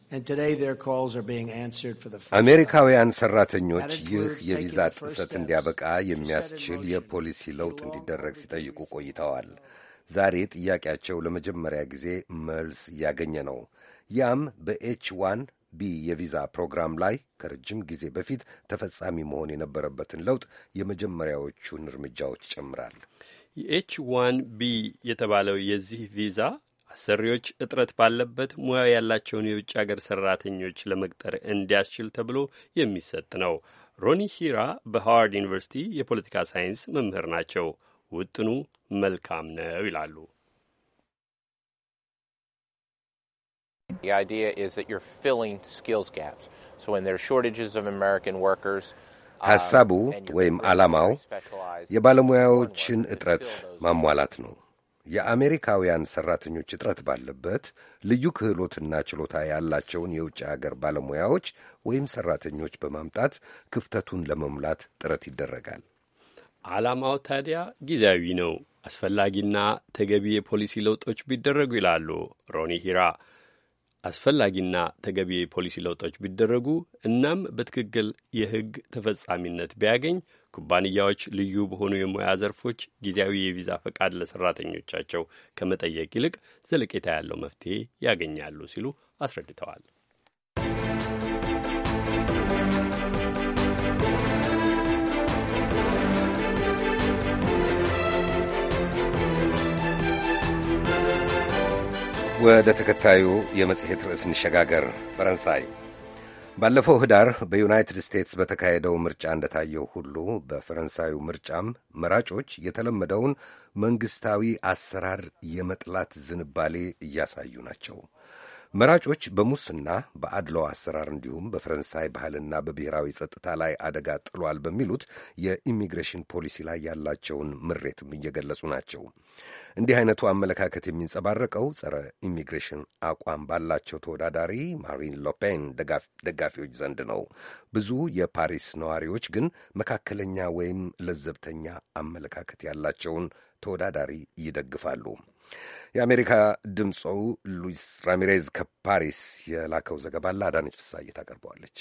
አሜሪካውያን ሰራተኞች ይህ የቪዛ ጥሰት እንዲያበቃ የሚያስችል የፖሊሲ ለውጥ እንዲደረግ ሲጠይቁ ቆይተዋል። ዛሬ ጥያቄያቸው ለመጀመሪያ ጊዜ መልስ እያገኘ ነው። ያም በኤች ዋን ቢ የቪዛ ፕሮግራም ላይ ከረጅም ጊዜ በፊት ተፈጻሚ መሆን የነበረበትን ለውጥ የመጀመሪያዎቹን እርምጃዎች ይጨምራል። የኤች ዋን ቢ የተባለው የዚህ ቪዛ አሰሪዎች እጥረት ባለበት ሙያ ያላቸውን የውጭ አገር ሰራተኞች ለመቅጠር እንዲያስችል ተብሎ የሚሰጥ ነው። ሮኒ ሂራ በሃዋርድ ዩኒቨርሲቲ የፖለቲካ ሳይንስ መምህር ናቸው። ውጥኑ መልካም ነው ይላሉ። The idea is that you're filling skills gaps. So when there are shortages of American workers, ሐሳቡ ወይም ዓላማው የባለሙያዎችን እጥረት ማሟላት ነው። የአሜሪካውያን ሠራተኞች እጥረት ባለበት ልዩ ክህሎትና ችሎታ ያላቸውን የውጭ አገር ባለሙያዎች ወይም ሠራተኞች በማምጣት ክፍተቱን ለመሙላት ጥረት ይደረጋል። ዓላማው ታዲያ ጊዜያዊ ነው። አስፈላጊና ተገቢ የፖሊሲ ለውጦች ቢደረጉ ይላሉ ሮኒ ሂራ። አስፈላጊና ተገቢ የፖሊሲ ለውጦች ቢደረጉ እናም በትክክል የሕግ ተፈጻሚነት ቢያገኝ ኩባንያዎች ልዩ በሆኑ የሙያ ዘርፎች ጊዜያዊ የቪዛ ፈቃድ ለሰራተኞቻቸው ከመጠየቅ ይልቅ ዘለቄታ ያለው መፍትሄ ያገኛሉ ሲሉ አስረድተዋል። ወደ ተከታዩ የመጽሔት ርዕስ እንሸጋገር። ፈረንሳይ ባለፈው ህዳር በዩናይትድ ስቴትስ በተካሄደው ምርጫ እንደታየው ሁሉ በፈረንሳዩ ምርጫም መራጮች የተለመደውን መንግሥታዊ አሰራር የመጥላት ዝንባሌ እያሳዩ ናቸው። መራጮች በሙስና በአድሎ አሰራር እንዲሁም በፈረንሳይ ባህልና በብሔራዊ ጸጥታ ላይ አደጋ ጥሏል በሚሉት የኢሚግሬሽን ፖሊሲ ላይ ያላቸውን ምሬትም እየገለጹ ናቸው። እንዲህ አይነቱ አመለካከት የሚንጸባረቀው ጸረ ኢሚግሬሽን አቋም ባላቸው ተወዳዳሪ ማሪን ሎፔን ደጋፊዎች ዘንድ ነው። ብዙ የፓሪስ ነዋሪዎች ግን መካከለኛ ወይም ለዘብተኛ አመለካከት ያላቸውን ተወዳዳሪ ይደግፋሉ። የአሜሪካ ድምፁ ሉዊስ ራሚሬዝ ከፓሪስ የላከው ዘገባ ለአዳነች ፍሳዬ ታቀርበዋለች።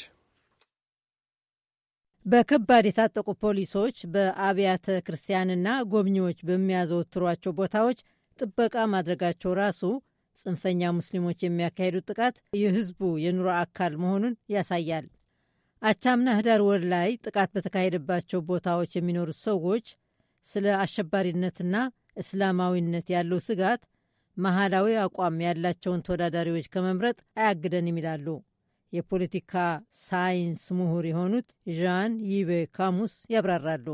በከባድ የታጠቁ ፖሊሶች በአብያተ ክርስቲያንና ጎብኚዎች በሚያዘወትሯቸው ቦታዎች ጥበቃ ማድረጋቸው ራሱ ጽንፈኛ ሙስሊሞች የሚያካሂዱት ጥቃት የህዝቡ የኑሮ አካል መሆኑን ያሳያል። አቻምና ህዳር ወር ላይ ጥቃት በተካሄደባቸው ቦታዎች የሚኖሩት ሰዎች ስለ አሸባሪነትና እስላማዊነት ያለው ስጋት መሃላዊ አቋም ያላቸውን ተወዳዳሪዎች ከመምረጥ አያግደንም ይላሉ የፖለቲካ ሳይንስ ምሁር የሆኑት ዣን ይቤ ካሙስ ያብራራሉ።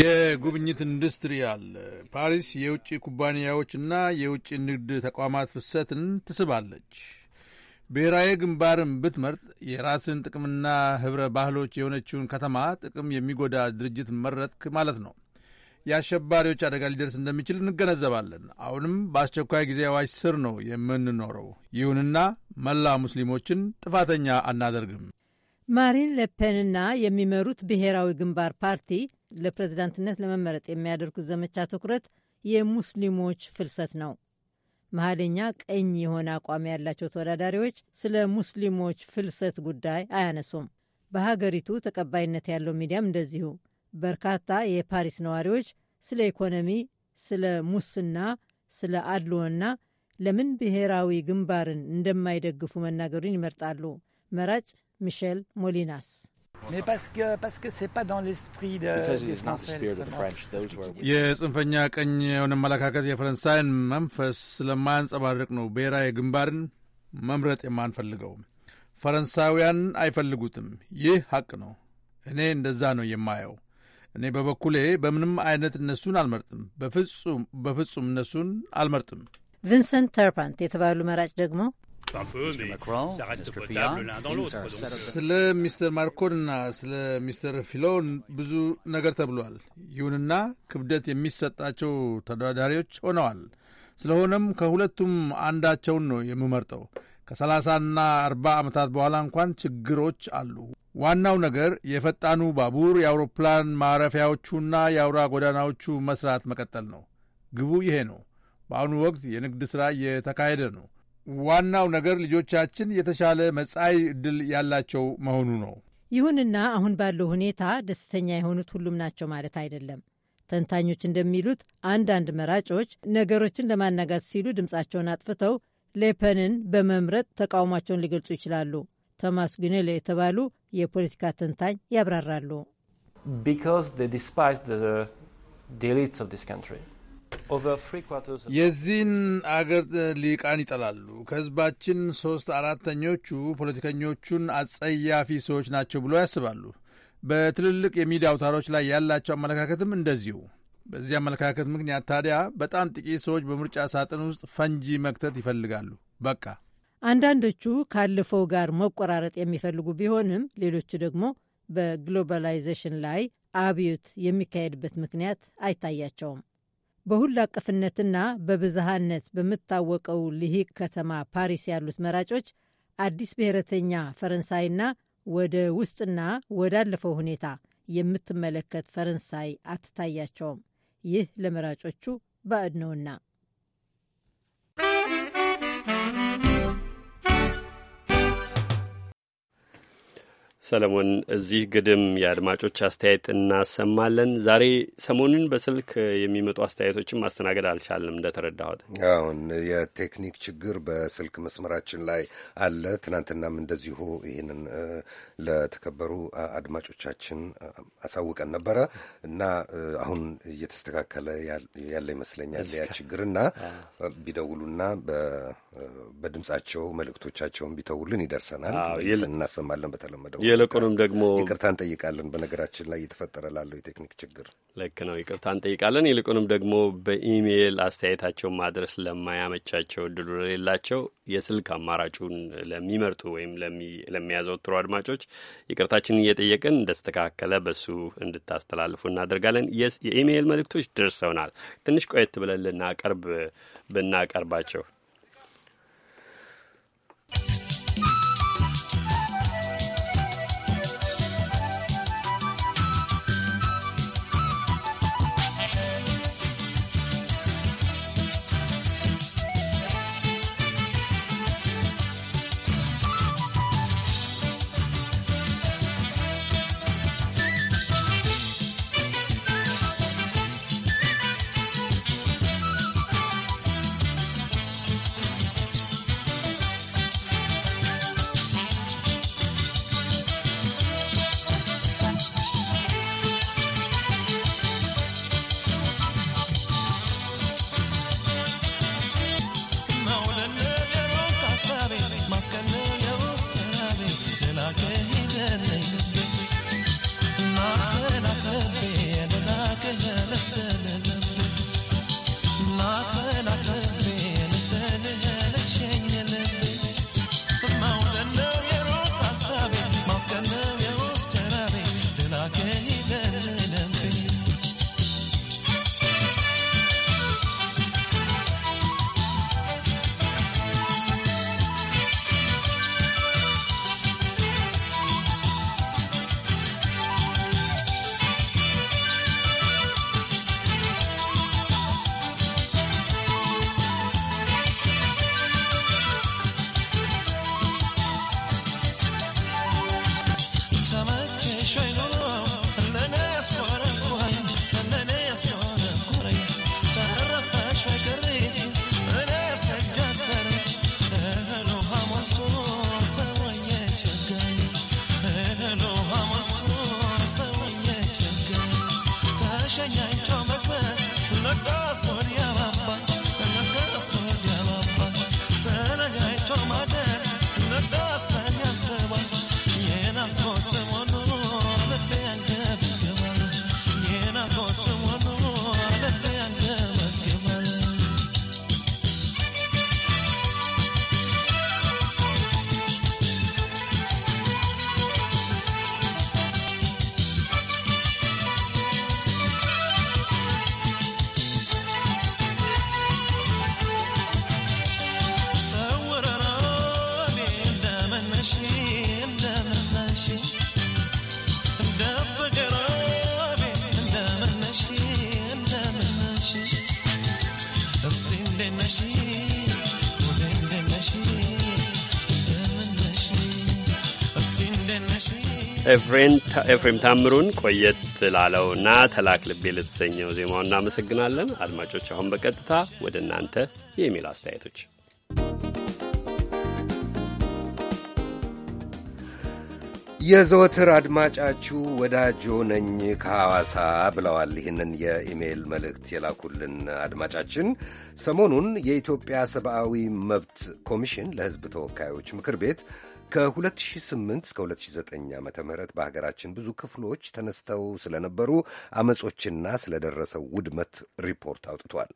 የጉብኝት ኢንዱስትሪ አለ። ፓሪስ የውጭ ኩባንያዎችና የውጭ ንግድ ተቋማት ፍሰትን ትስባለች። ብሔራዊ ግንባርን ብትመርጥ የራስን ጥቅምና ኅብረ ባህሎች የሆነችውን ከተማ ጥቅም የሚጎዳ ድርጅት መረጥክ ማለት ነው። የአሸባሪዎች አደጋ ሊደርስ እንደሚችል እንገነዘባለን። አሁንም በአስቸኳይ ጊዜ አዋጅ ስር ነው የምንኖረው። ይሁንና መላ ሙስሊሞችን ጥፋተኛ አናደርግም። ማሪን ለፔንና የሚመሩት ብሔራዊ ግንባር ፓርቲ ለፕሬዝዳንትነት ለመመረጥ የሚያደርጉት ዘመቻ ትኩረት የሙስሊሞች ፍልሰት ነው። መሀለኛ ቀኝ የሆነ አቋም ያላቸው ተወዳዳሪዎች ስለ ሙስሊሞች ፍልሰት ጉዳይ አያነሱም። በሀገሪቱ ተቀባይነት ያለው ሚዲያም እንደዚሁ። በርካታ የፓሪስ ነዋሪዎች ስለ ኢኮኖሚ፣ ስለ ሙስና፣ ስለ አድልዎና ለምን ብሔራዊ ግንባርን እንደማይደግፉ መናገሩን ይመርጣሉ። መራጭ ሚሼል ሞሊናስ Mais parce que parce que c'est pas dans l'esprit de የጽንፈኛ ቀኝውን አመለካከት የፈረንሳይን መንፈስ ስለማያንጸባርቅ ነው ብሔራዊ ግንባርን መምረጥ የማንፈልገው። ፈረንሳውያን አይፈልጉትም። ይህ ሀቅ ነው። እኔ እንደዛ ነው የማየው። እኔ በበኩሌ በምንም አይነት እነሱን አልመርጥም። በፍጹም በፍጹም እነሱን አልመርጥም። ቪንሰንት ተርፓንት የተባሉ መራጭ ደግሞ ça reste euh. ስለ ሚስተር ማርኮንና ስለ ሚስተር ፊሎን ብዙ ነገር ተብሏል። ይሁንና ክብደት የሚሰጣቸው ተወዳዳሪዎች ሆነዋል። ስለሆነም ከሁለቱም አንዳቸውን ነው የምመርጠው። ከሰላሳና አርባ ዓመታት በኋላ እንኳን ችግሮች አሉ። ዋናው ነገር የፈጣኑ ባቡር የአውሮፕላን ማረፊያዎቹና የአውራ ጎዳናዎቹ መስራት መቀጠል ነው። ግቡ ይሄ ነው። በአሁኑ ወቅት የንግድ ሥራ እየተካሄደ ነው። ዋናው ነገር ልጆቻችን የተሻለ መጻይ ዕድል ያላቸው መሆኑ ነው። ይሁንና አሁን ባለው ሁኔታ ደስተኛ የሆኑት ሁሉም ናቸው ማለት አይደለም። ተንታኞች እንደሚሉት አንዳንድ መራጮች ነገሮችን ለማናጋት ሲሉ ድምፃቸውን አጥፍተው ሌፐንን በመምረጥ ተቃውሟቸውን ሊገልጹ ይችላሉ። ቶማስ ጉኔሎ የተባሉ የፖለቲካ ተንታኝ ያብራራሉ። የዚህን አገር ሊቃን ይጠላሉ። ከህዝባችን ሶስት አራተኞቹ ፖለቲከኞቹን አጸያፊ ሰዎች ናቸው ብሎ ያስባሉ። በትልልቅ የሚዲያ አውታሮች ላይ ያላቸው አመለካከትም እንደዚሁ። በዚህ አመለካከት ምክንያት ታዲያ በጣም ጥቂት ሰዎች በምርጫ ሳጥን ውስጥ ፈንጂ መክተት ይፈልጋሉ። በቃ አንዳንዶቹ ካለፈው ጋር መቆራረጥ የሚፈልጉ ቢሆንም ሌሎቹ ደግሞ በግሎባላይዜሽን ላይ አብዮት የሚካሄድበት ምክንያት አይታያቸውም። በሁሉ አቀፍነትና በብዝሃነት በምታወቀው ልሂግ ከተማ ፓሪስ ያሉት መራጮች አዲስ ብሔረተኛ ፈረንሳይና ወደ ውስጥና ወዳለፈው ሁኔታ የምትመለከት ፈረንሳይ አትታያቸውም። ይህ ለመራጮቹ ባዕድ ነውና ሰለሞን፣ እዚህ ግድም የአድማጮች አስተያየት እናሰማለን። ዛሬ ሰሞኑን በስልክ የሚመጡ አስተያየቶችን ማስተናገድ አልቻልንም እንደተረዳሁት። አሁን የቴክኒክ ችግር በስልክ መስመራችን ላይ አለ። ትናንትናም እንደዚሁ ይህንን ለተከበሩ አድማጮቻችን አሳውቀን ነበረ እና አሁን እየተስተካከለ ያለ ይመስለኛል ያ ችግርና ቢደውሉና በድምጻቸው መልእክቶቻቸውን ቢተውልን ይደርሰናል፣ እናሰማለን። በተለመደው ይልቁንም ደግሞ ይቅርታ እንጠይቃለን። በነገራችን ላይ እየተፈጠረ ላለው የቴክኒክ ችግር ልክ ነው፣ ይቅርታ እንጠይቃለን። ይልቁንም ደግሞ በኢሜይል አስተያየታቸውን ማድረስ ለማያመቻቸው እድሉ ለሌላቸው የስልክ አማራጩን ለሚመርጡ ወይም ለሚያዘወትሩ አድማጮች ይቅርታችንን እየጠየቅን እንደተስተካከለ በሱ እንድታስተላልፉ እናደርጋለን። የኢሜይል መልእክቶች ደርሰውናል። ትንሽ ቆየት ብለን ልናቀርብ ብናቀርባቸው ኤፍሬም ታምሩን ቆየት ላለውና ተላክ ልቤ ለተሰኘው ዜማው እናመሰግናለን። አድማጮች አሁን በቀጥታ ወደ እናንተ የኢሜል አስተያየቶች የዘወትር አድማጫችሁ ወዳጆ ነኝ ከሐዋሳ ብለዋል። ይህንን የኢሜይል መልእክት የላኩልን አድማጫችን ሰሞኑን የኢትዮጵያ ሰብአዊ መብት ኮሚሽን ለሕዝብ ተወካዮች ምክር ቤት ከ2008 እስከ 2009 ዓ ም በሀገራችን ብዙ ክፍሎች ተነስተው ስለነበሩ አመጾችና ስለደረሰው ውድመት ሪፖርት አውጥቷል።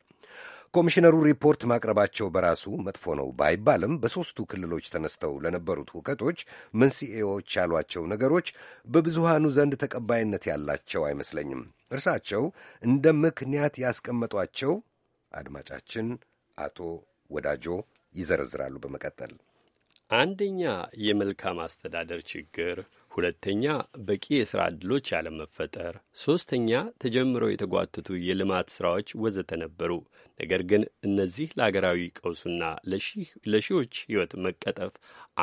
ኮሚሽነሩ ሪፖርት ማቅረባቸው በራሱ መጥፎ ነው ባይባልም በሦስቱ ክልሎች ተነስተው ለነበሩት ሁከቶች መንስኤዎች ያሏቸው ነገሮች በብዙሃኑ ዘንድ ተቀባይነት ያላቸው አይመስለኝም። እርሳቸው እንደ ምክንያት ያስቀመጧቸው አድማጫችን አቶ ወዳጆ ይዘረዝራሉ በመቀጠል አንደኛ የመልካም አስተዳደር ችግር፣ ሁለተኛ በቂ የሥራ ዕድሎች ያለመፈጠር፣ ሦስተኛ ተጀምረው የተጓተቱ የልማት ሥራዎች ወዘተ ነበሩ። ነገር ግን እነዚህ ለአገራዊ ቀውሱና ለሺዎች ሕይወት መቀጠፍ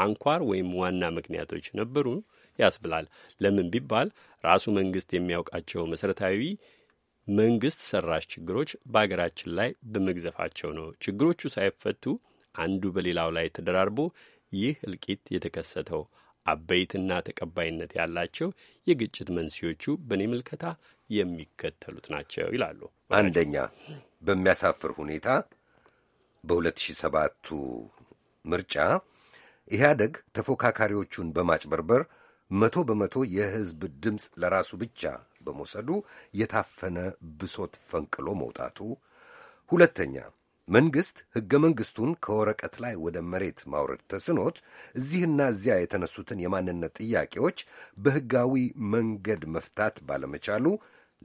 አንኳር ወይም ዋና ምክንያቶች ነበሩ ያስብላል። ለምን ቢባል ራሱ መንግሥት የሚያውቃቸው መሠረታዊ መንግሥት ሰራሽ ችግሮች በአገራችን ላይ በመግዘፋቸው ነው። ችግሮቹ ሳይፈቱ አንዱ በሌላው ላይ ተደራርቦ ይህ እልቂት የተከሰተው አበይትና ተቀባይነት ያላቸው የግጭት መንስኤዎቹ በእኔ ምልከታ የሚከተሉት ናቸው ይላሉ። አንደኛ፣ በሚያሳፍር ሁኔታ በ2007ቱ ምርጫ ኢህአደግ ተፎካካሪዎቹን በማጭበርበር መቶ በመቶ የህዝብ ድምፅ ለራሱ ብቻ በመውሰዱ የታፈነ ብሶት ፈንቅሎ መውጣቱ። ሁለተኛ መንግሥት ሕገ መንግሥቱን ከወረቀት ላይ ወደ መሬት ማውረድ ተስኖት እዚህና እዚያ የተነሱትን የማንነት ጥያቄዎች በሕጋዊ መንገድ መፍታት ባለመቻሉ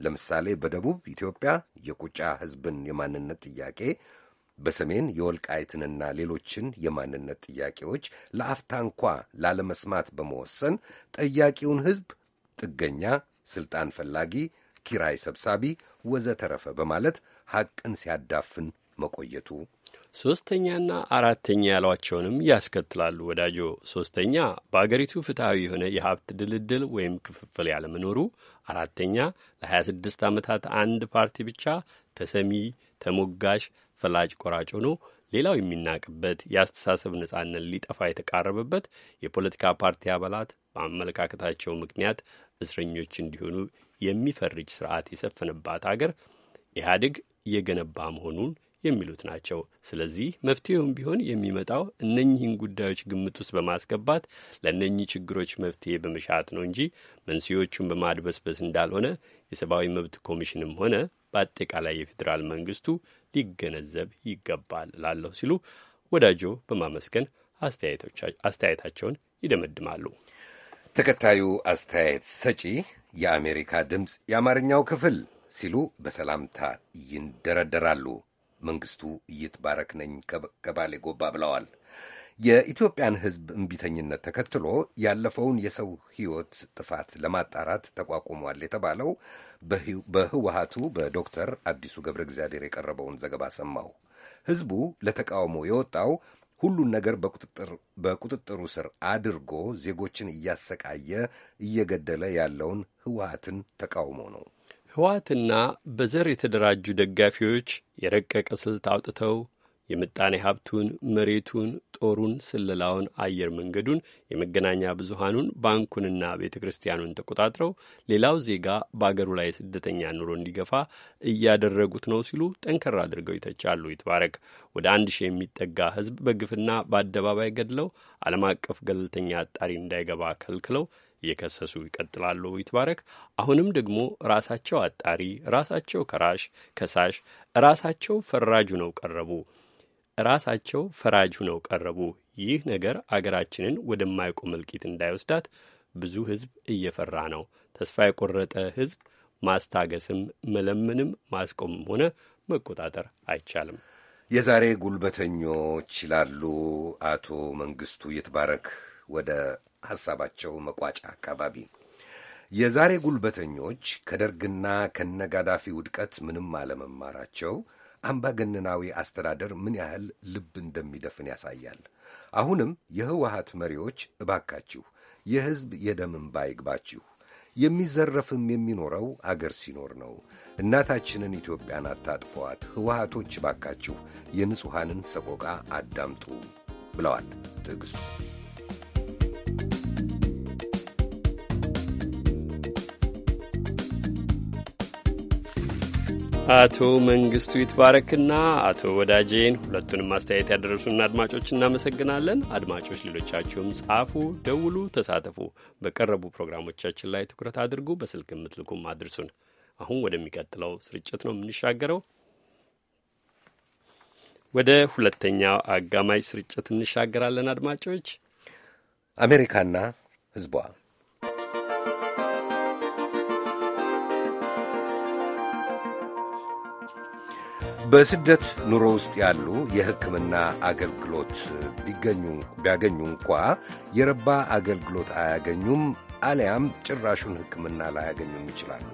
ለምሳሌ በደቡብ ኢትዮጵያ የቁጫ ሕዝብን የማንነት ጥያቄ በሰሜን የወልቃይትንና ሌሎችን የማንነት ጥያቄዎች ለአፍታ እንኳ ላለመስማት በመወሰን ጠያቂውን ሕዝብ ጥገኛ፣ ሥልጣን ፈላጊ፣ ኪራይ ሰብሳቢ፣ ወዘተረፈ በማለት ሐቅን ሲያዳፍን መቆየቱ ሶስተኛና አራተኛ ያሏቸውንም ያስከትላሉ። ወዳጆ ሶስተኛ በአገሪቱ ፍትሐዊ የሆነ የሀብት ድልድል ወይም ክፍፍል ያለመኖሩ፣ አራተኛ ለ26 ዓመታት አንድ ፓርቲ ብቻ ተሰሚ ተሞጋሽ ፈላጭ ቆራጭ ሆኖ ሌላው የሚናቅበት የአስተሳሰብ ነጻነት ሊጠፋ የተቃረበበት የፖለቲካ ፓርቲ አባላት በአመለካከታቸው ምክንያት እስረኞች እንዲሆኑ የሚፈርጅ ስርዓት የሰፈነባት አገር ኢህአዴግ የገነባ መሆኑን የሚሉት ናቸው። ስለዚህ መፍትሄውም ቢሆን የሚመጣው እነኚህን ጉዳዮች ግምት ውስጥ በማስገባት ለእነኚህ ችግሮች መፍትሄ በመሻት ነው እንጂ መንስኤዎቹን በማድበስበስ እንዳልሆነ የሰብአዊ መብት ኮሚሽንም ሆነ በአጠቃላይ የፌዴራል መንግስቱ ሊገነዘብ ይገባል ላለሁ ሲሉ ወዳጆ በማመስገን አስተያየታቸውን ይደመድማሉ። ተከታዩ አስተያየት ሰጪ የአሜሪካ ድምፅ የአማርኛው ክፍል ሲሉ በሰላምታ ይንደረደራሉ። መንግስቱ ይትባረክ ነኝ ከባሌ ጎባ ብለዋል። የኢትዮጵያን ሕዝብ እምቢተኝነት ተከትሎ ያለፈውን የሰው ሕይወት ጥፋት ለማጣራት ተቋቁሟል የተባለው በህወሀቱ በዶክተር አዲሱ ገብረ እግዚአብሔር የቀረበውን ዘገባ ሰማሁ። ሕዝቡ ለተቃውሞ የወጣው ሁሉን ነገር በቁጥጥሩ ስር አድርጎ ዜጎችን እያሰቃየ እየገደለ ያለውን ህወሀትን ተቃውሞ ነው። ሕወሓትና በዘር የተደራጁ ደጋፊዎች የረቀቀ ስልት አውጥተው የምጣኔ ሀብቱን፣ መሬቱን፣ ጦሩን፣ ስለላውን፣ አየር መንገዱን፣ የመገናኛ ብዙሃኑን፣ ባንኩንና ቤተ ክርስቲያኑን ተቆጣጥረው ሌላው ዜጋ በአገሩ ላይ ስደተኛ ኑሮ እንዲገፋ እያደረጉት ነው ሲሉ ጠንከር አድርገው ይተቻሉ። ይትባረክ ወደ አንድ ሺህ የሚጠጋ ህዝብ በግፍና በአደባባይ ገድለው ዓለም አቀፍ ገለልተኛ አጣሪ እንዳይገባ ከልክለው እየከሰሱ ይቀጥላሉ። ይትባረክ አሁንም ደግሞ ራሳቸው አጣሪ፣ ራሳቸው ከራሽ ከሳሽ፣ ራሳቸው ፈራጅ ሁነው ቀረቡ ራሳቸው ፈራጅ ሁነው ቀረቡ። ይህ ነገር አገራችንን ወደማይቆም እልቂት እንዳይወስዳት ብዙ ህዝብ እየፈራ ነው። ተስፋ የቆረጠ ህዝብ ማስታገስም መለምንም ማስቆምም ሆነ መቆጣጠር አይቻልም። የዛሬ ጉልበተኞች ይላሉ አቶ መንግስቱ ይትባረክ ወደ ሐሳባቸው መቋጫ አካባቢ የዛሬ ጉልበተኞች ከደርግና ከነጋዳፊ ውድቀት ምንም አለመማራቸው አምባገነናዊ አስተዳደር ምን ያህል ልብ እንደሚደፍን ያሳያል። አሁንም የህወሀት መሪዎች እባካችሁ የሕዝብ የደም እንባ ይግባችሁ። የሚዘረፍም የሚኖረው አገር ሲኖር ነው። እናታችንን ኢትዮጵያን አታጥፈዋት። ህወሀቶች እባካችሁ የንጹሐንን ሰቆቃ አዳምጡ ብለዋል ትዕግሥቱ። አቶ መንግስቱ ይትባረክና አቶ ወዳጄን ሁለቱንም ማስተያየት ያደረሱን አድማጮች እናመሰግናለን። አድማጮች ሌሎቻችሁም ጻፉ፣ ደውሉ፣ ተሳተፉ። በቀረቡ ፕሮግራሞቻችን ላይ ትኩረት አድርጉ። በስልክ የምትልኩም አድርሱን። አሁን ወደሚቀጥለው ስርጭት ነው የምንሻገረው። ወደ ሁለተኛው አጋማሽ ስርጭት እንሻገራለን። አድማጮች አሜሪካና ህዝቧ በስደት ኑሮ ውስጥ ያሉ የሕክምና አገልግሎት ቢያገኙ እንኳ የረባ አገልግሎት አያገኙም፣ አሊያም ጭራሹን ሕክምና ላያገኙም ይችላሉ።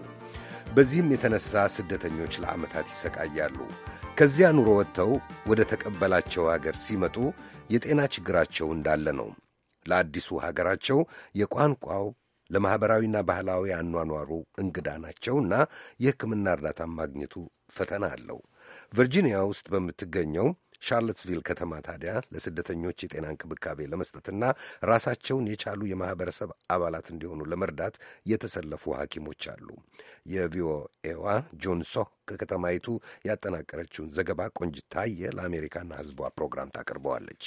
በዚህም የተነሳ ስደተኞች ለዓመታት ይሰቃያሉ። ከዚያ ኑሮ ወጥተው ወደ ተቀበላቸው አገር ሲመጡ የጤና ችግራቸው እንዳለ ነው። ለአዲሱ ሀገራቸው የቋንቋው ለማኅበራዊና ባህላዊ አኗኗሩ እንግዳ ናቸውና የሕክምና እርዳታ ማግኘቱ ፈተና አለው። ቨርጂኒያ ውስጥ በምትገኘው ሻርለትስቪል ከተማ ታዲያ ለስደተኞች የጤና እንክብካቤ ለመስጠትና ራሳቸውን የቻሉ የማህበረሰብ አባላት እንዲሆኑ ለመርዳት የተሰለፉ ሐኪሞች አሉ። የቪኦኤዋ ጆን ሶ ከከተማይቱ ያጠናቀረችውን ዘገባ ቆንጅታየ ለአሜሪካና ሕዝቧ ፕሮግራም ታቀርበዋለች።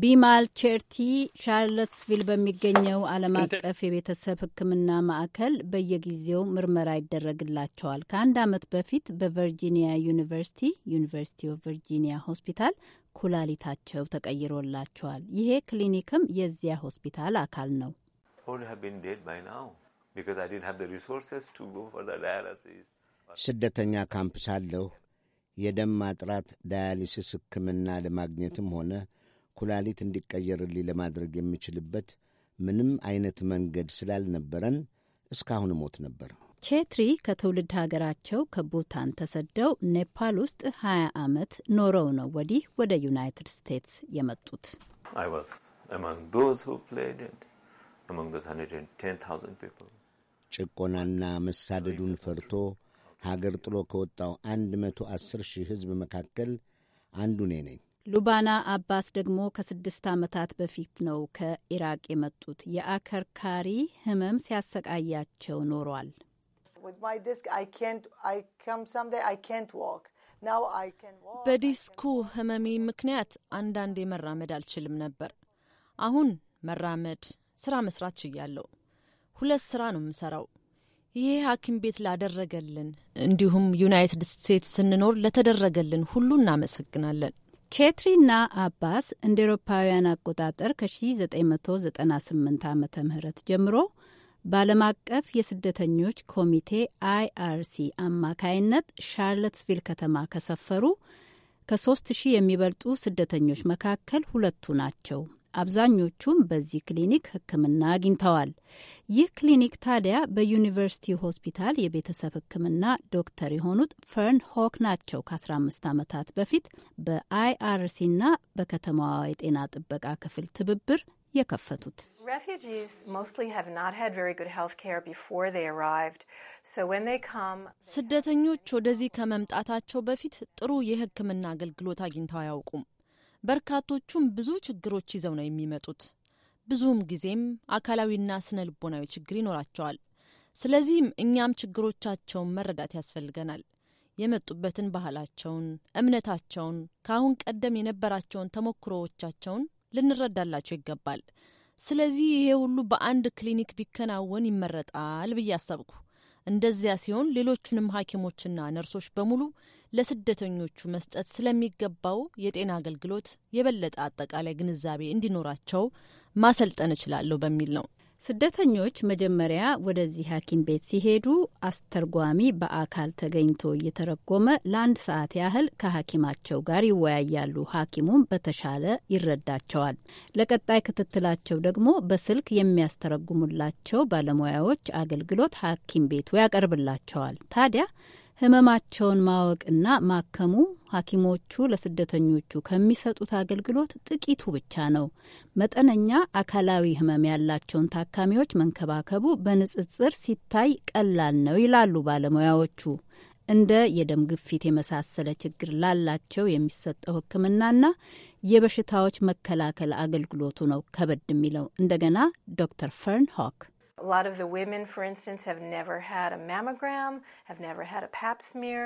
ቢማል ቼርቲ ቻርለትስቪል በሚገኘው ዓለም አቀፍ የቤተሰብ ሕክምና ማዕከል በየጊዜው ምርመራ ይደረግላቸዋል። ከአንድ ዓመት በፊት በቨርጂኒያ ዩኒቨርሲቲ ዩኒቨርሲቲ ኦፍ ቨርጂኒያ ሆስፒታል ኩላሊታቸው ተቀይሮላቸዋል። ይሄ ክሊኒክም የዚያ ሆስፒታል አካል ነው። ስደተኛ ካምፕ ሳለሁ የደም ማጥራት ዳያሊሲስ ሕክምና ለማግኘትም ሆነ ኩላሊት እንዲቀየርልኝ ለማድረግ የሚችልበት ምንም አይነት መንገድ ስላልነበረን እስካሁን ሞት ነበር። ቼትሪ ከትውልድ ሀገራቸው ከቡታን ተሰደው ኔፓል ውስጥ 20 ዓመት ኖረው ነው ወዲህ ወደ ዩናይትድ ስቴትስ የመጡት። ጭቆናና መሳደዱን ፈርቶ ሀገር ጥሎ ከወጣው 110 ሺህ ሕዝብ መካከል አንዱ እኔ ነኝ። ሉባና አባስ ደግሞ ከስድስት ዓመታት በፊት ነው ከኢራቅ የመጡት። የአከርካሪ ህመም ሲያሰቃያቸው ኖሯል። በዲስኩ ህመሜ ምክንያት አንዳንዴ መራመድ አልችልም ነበር። አሁን መራመድ፣ ስራ መስራት ችያለሁ። ሁለት ስራ ነው የምሰራው። ይሄ ሐኪም ቤት ላደረገልን እንዲሁም ዩናይትድ ስቴትስ ስንኖር ለተደረገልን ሁሉ እናመሰግናለን። ቼትሪና አባስ እንደ ኤሮፓውያን አቆጣጠር ከ1998 ዓ ም ጀምሮ በዓለም አቀፍ የስደተኞች ኮሚቴ አይአርሲ አማካይነት ሻርለትስቪል ከተማ ከሰፈሩ ከ3000 የሚበልጡ ስደተኞች መካከል ሁለቱ ናቸው። አብዛኞቹም በዚህ ክሊኒክ ሕክምና አግኝተዋል። ይህ ክሊኒክ ታዲያ በዩኒቨርሲቲ ሆስፒታል የቤተሰብ ሕክምና ዶክተር የሆኑት ፈርን ሆክ ናቸው። ከ15 ዓመታት በፊት በአይአርሲና በከተማዋ የጤና ጥበቃ ክፍል ትብብር የከፈቱት ስደተኞች ወደዚህ ከመምጣታቸው በፊት ጥሩ የህክምና አገልግሎት አግኝተው አያውቁም። በርካቶቹም ብዙ ችግሮች ይዘው ነው የሚመጡት። ብዙም ጊዜም አካላዊና ስነ ልቦናዊ ችግር ይኖራቸዋል። ስለዚህም እኛም ችግሮቻቸውን መረዳት ያስፈልገናል። የመጡበትን ባህላቸውን፣ እምነታቸውን፣ ከአሁን ቀደም የነበራቸውን ተሞክሮዎቻቸውን ልንረዳላቸው ይገባል። ስለዚህ ይሄ ሁሉ በአንድ ክሊኒክ ቢከናወን ይመረጣል ብዬ አሰብኩ። እንደዚያ ሲሆን ሌሎቹንም ሐኪሞችና ነርሶች በሙሉ ለስደተኞቹ መስጠት ስለሚገባው የጤና አገልግሎት የበለጠ አጠቃላይ ግንዛቤ እንዲኖራቸው ማሰልጠን እችላለሁ በሚል ነው። ስደተኞች መጀመሪያ ወደዚህ ሐኪም ቤት ሲሄዱ አስተርጓሚ በአካል ተገኝቶ እየተረጎመ ለአንድ ሰዓት ያህል ከሐኪማቸው ጋር ይወያያሉ። ሐኪሙም በተሻለ ይረዳቸዋል። ለቀጣይ ክትትላቸው ደግሞ በስልክ የሚያስተረጉሙላቸው ባለሙያዎች አገልግሎት ሐኪም ቤቱ ያቀርብላቸዋል። ታዲያ ህመማቸውን ማወቅና ማከሙ ሐኪሞቹ ለስደተኞቹ ከሚሰጡት አገልግሎት ጥቂቱ ብቻ ነው። መጠነኛ አካላዊ ህመም ያላቸውን ታካሚዎች መንከባከቡ በንጽጽር ሲታይ ቀላል ነው ይላሉ ባለሙያዎቹ። እንደ የደም ግፊት የመሳሰለ ችግር ላላቸው የሚሰጠው ህክምናና የበሽታዎች መከላከል አገልግሎቱ ነው ከበድ የሚለው። እንደገና ዶክተር ፈርን ሆክ A lot of the women, for instance, have never had a mammogram, have never had a pap smear.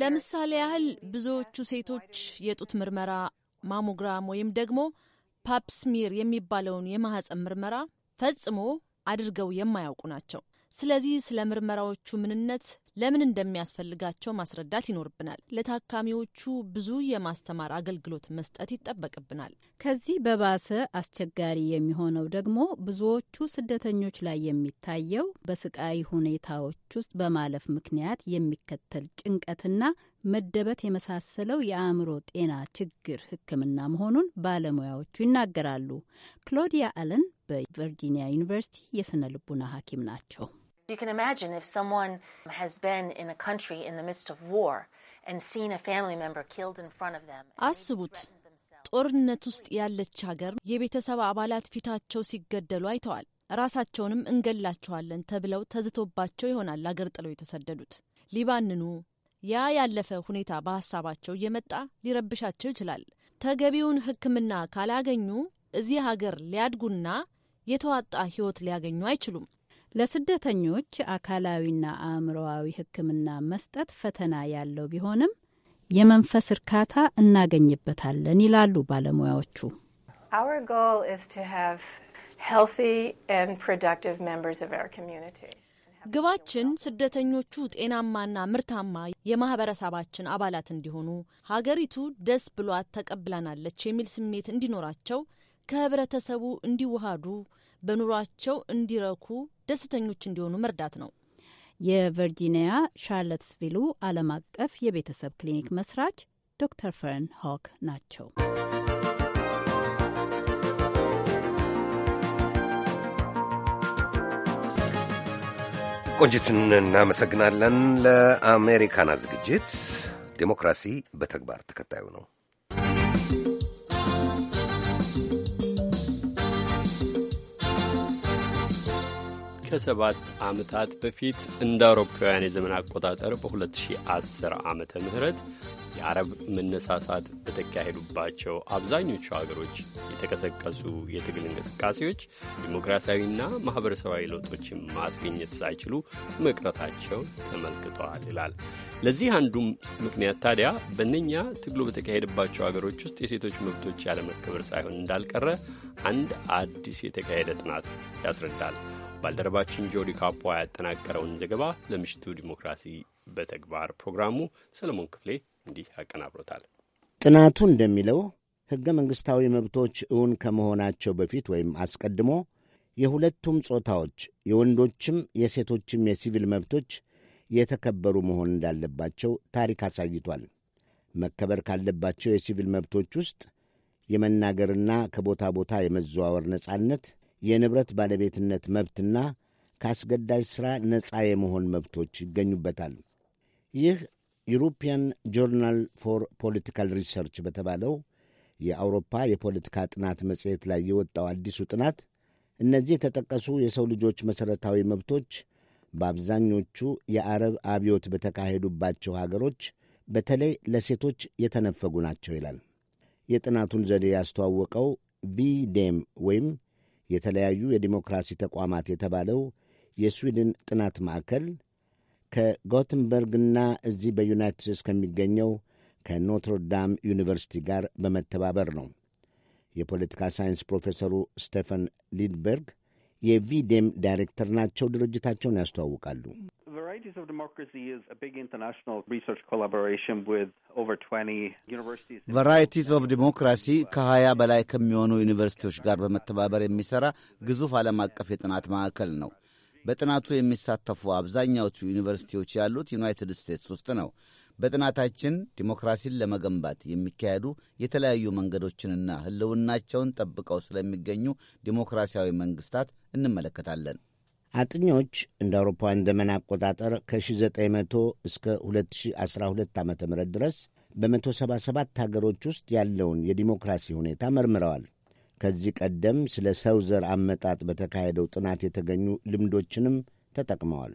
ለምሳሌ ያህል ብዙዎቹ ሴቶች የጡት ምርመራ ማሞግራም ወይም ደግሞ ፓፕስሚር የሚባለውን የማህፀን ምርመራ ፈጽሞ አድርገው የማያውቁ ናቸው። ስለዚህ ስለ ምርመራዎቹ ምንነት ለምን እንደሚያስፈልጋቸው ማስረዳት ይኖርብናል። ለታካሚዎቹ ብዙ የማስተማር አገልግሎት መስጠት ይጠበቅብናል። ከዚህ በባሰ አስቸጋሪ የሚሆነው ደግሞ ብዙዎቹ ስደተኞች ላይ የሚታየው በስቃይ ሁኔታዎች ውስጥ በማለፍ ምክንያት የሚከተል ጭንቀትና መደበት የመሳሰለው የአእምሮ ጤና ችግር ሕክምና መሆኑን ባለሙያዎቹ ይናገራሉ። ክሎዲያ አለን በቨርጂኒያ ዩኒቨርሲቲ የስነ ልቡና ሐኪም ናቸው። አስቡት ጦርነት ውስጥ ያለች ሀገር የቤተሰብ አባላት ፊታቸው ሲገደሉ አይተዋል። ራሳቸውንም እንገላቸዋለን ተብለው ተዝቶባቸው ይሆናል አገር ጥለው የተሰደዱት ሊባንኑ። ያ ያለፈ ሁኔታ በሀሳባቸው እየመጣ ሊረብሻቸው ይችላል። ተገቢውን ሕክምና ካላገኙ እዚህ ሀገር ሊያድጉና የተዋጣ ህይወት ሊያገኙ አይችሉም። ለስደተኞች አካላዊና አእምሮዊ ሕክምና መስጠት ፈተና ያለው ቢሆንም የመንፈስ እርካታ እናገኝበታለን ይላሉ ባለሙያዎቹ። ግባችን ስደተኞቹ ጤናማና ምርታማ የማህበረሰባችን አባላት እንዲሆኑ፣ ሀገሪቱ ደስ ብሏት ተቀብላናለች የሚል ስሜት እንዲኖራቸው ከህብረተሰቡ እንዲዋሃዱ፣ በኑሯቸው እንዲረኩ፣ ደስተኞች እንዲሆኑ መርዳት ነው። የቨርጂኒያ ሻርለትስቪሉ ዓለም አቀፍ የቤተሰብ ክሊኒክ መስራች ዶክተር ፈርን ሆክ ናቸው። ቆንጅትን እናመሰግናለን። ለአሜሪካና ዝግጅት ዴሞክራሲ በተግባር ተከታዩ ነው። ከሰባት ዓመታት በፊት እንደ አውሮፓውያን የዘመን አቆጣጠር በ2010 ዓመተ ምህረት የአረብ መነሳሳት በተካሄዱባቸው አብዛኞቹ ሀገሮች የተቀሰቀሱ የትግል እንቅስቃሴዎች ዲሞክራሲያዊና ማኅበረሰባዊ ለውጦችን ማስገኘት ሳይችሉ መቅረታቸው ተመልክተዋል ይላል። ለዚህ አንዱም ምክንያት ታዲያ በእነኛ ትግሉ በተካሄደባቸው ሀገሮች ውስጥ የሴቶች መብቶች ያለመከበር ሳይሆን እንዳልቀረ አንድ አዲስ የተካሄደ ጥናት ያስረዳል። ባልደረባችን ጆዲ ካፖ ያጠናቀረውን ዘገባ ለምሽቱ ዲሞክራሲ በተግባር ፕሮግራሙ ሰለሞን ክፍሌ እንዲህ አቀናብሮታል። ጥናቱ እንደሚለው ሕገ መንግሥታዊ መብቶች እውን ከመሆናቸው በፊት ወይም አስቀድሞ የሁለቱም ጾታዎች የወንዶችም የሴቶችም የሲቪል መብቶች የተከበሩ መሆን እንዳለባቸው ታሪክ አሳይቷል። መከበር ካለባቸው የሲቪል መብቶች ውስጥ የመናገርና ከቦታ ቦታ የመዘዋወር ነጻነት፣ የንብረት ባለቤትነት መብትና ከአስገዳጅ ሥራ ነፃ የመሆን መብቶች ይገኙበታል። ይህ ዩሮፒያን ጆርናል ፎር ፖለቲካል ሪሰርች በተባለው የአውሮፓ የፖለቲካ ጥናት መጽሔት ላይ የወጣው አዲሱ ጥናት እነዚህ የተጠቀሱ የሰው ልጆች መሠረታዊ መብቶች በአብዛኞቹ የአረብ አብዮት በተካሄዱባቸው ሀገሮች በተለይ ለሴቶች የተነፈጉ ናቸው ይላል። የጥናቱን ዘዴ ያስተዋወቀው ቪዴም ወይም የተለያዩ የዲሞክራሲ ተቋማት የተባለው የስዊድን ጥናት ማዕከል ከጎትንበርግና እዚህ በዩናይትድ ስቴትስ ከሚገኘው ከኖትርዳም ዩኒቨርሲቲ ጋር በመተባበር ነው። የፖለቲካ ሳይንስ ፕሮፌሰሩ ስቴፈን ሊድበርግ የቪዴም ዳይሬክተር ናቸው። ድርጅታቸውን ያስተዋውቃሉ። Varieties of Democracy is a big international research collaboration with over 20 universities. Varieties of Democracy ከ በላይ ከሚሆኑ ዩኒቨርሲቲዎች ጋር በመተባበር የሚሰራ ግዙፍ ዓለም አቀፍ የጥናት ማዕከል ነው። በጥናቱ የሚሳተፉ አብዛኛዎቹ ዩኒቨርሲቲዎች ያሉት ዩናይትድ ስቴትስ ውስጥ ነው። በጥናታችን ዲሞክራሲን ለመገንባት የሚካሄዱ የተለያዩ መንገዶችንና ሕልውናቸውን ጠብቀው ስለሚገኙ ዲሞክራሲያዊ መንግስታት እንመለከታለን። አጥኞች እንደ አውሮፓውያን ዘመን አቆጣጠር ከ1900 እስከ 2012 ዓ ም ድረስ በ177 ሀገሮች ውስጥ ያለውን የዲሞክራሲ ሁኔታ መርምረዋል። ከዚህ ቀደም ስለ ሰው ዘር አመጣጥ በተካሄደው ጥናት የተገኙ ልምዶችንም ተጠቅመዋል።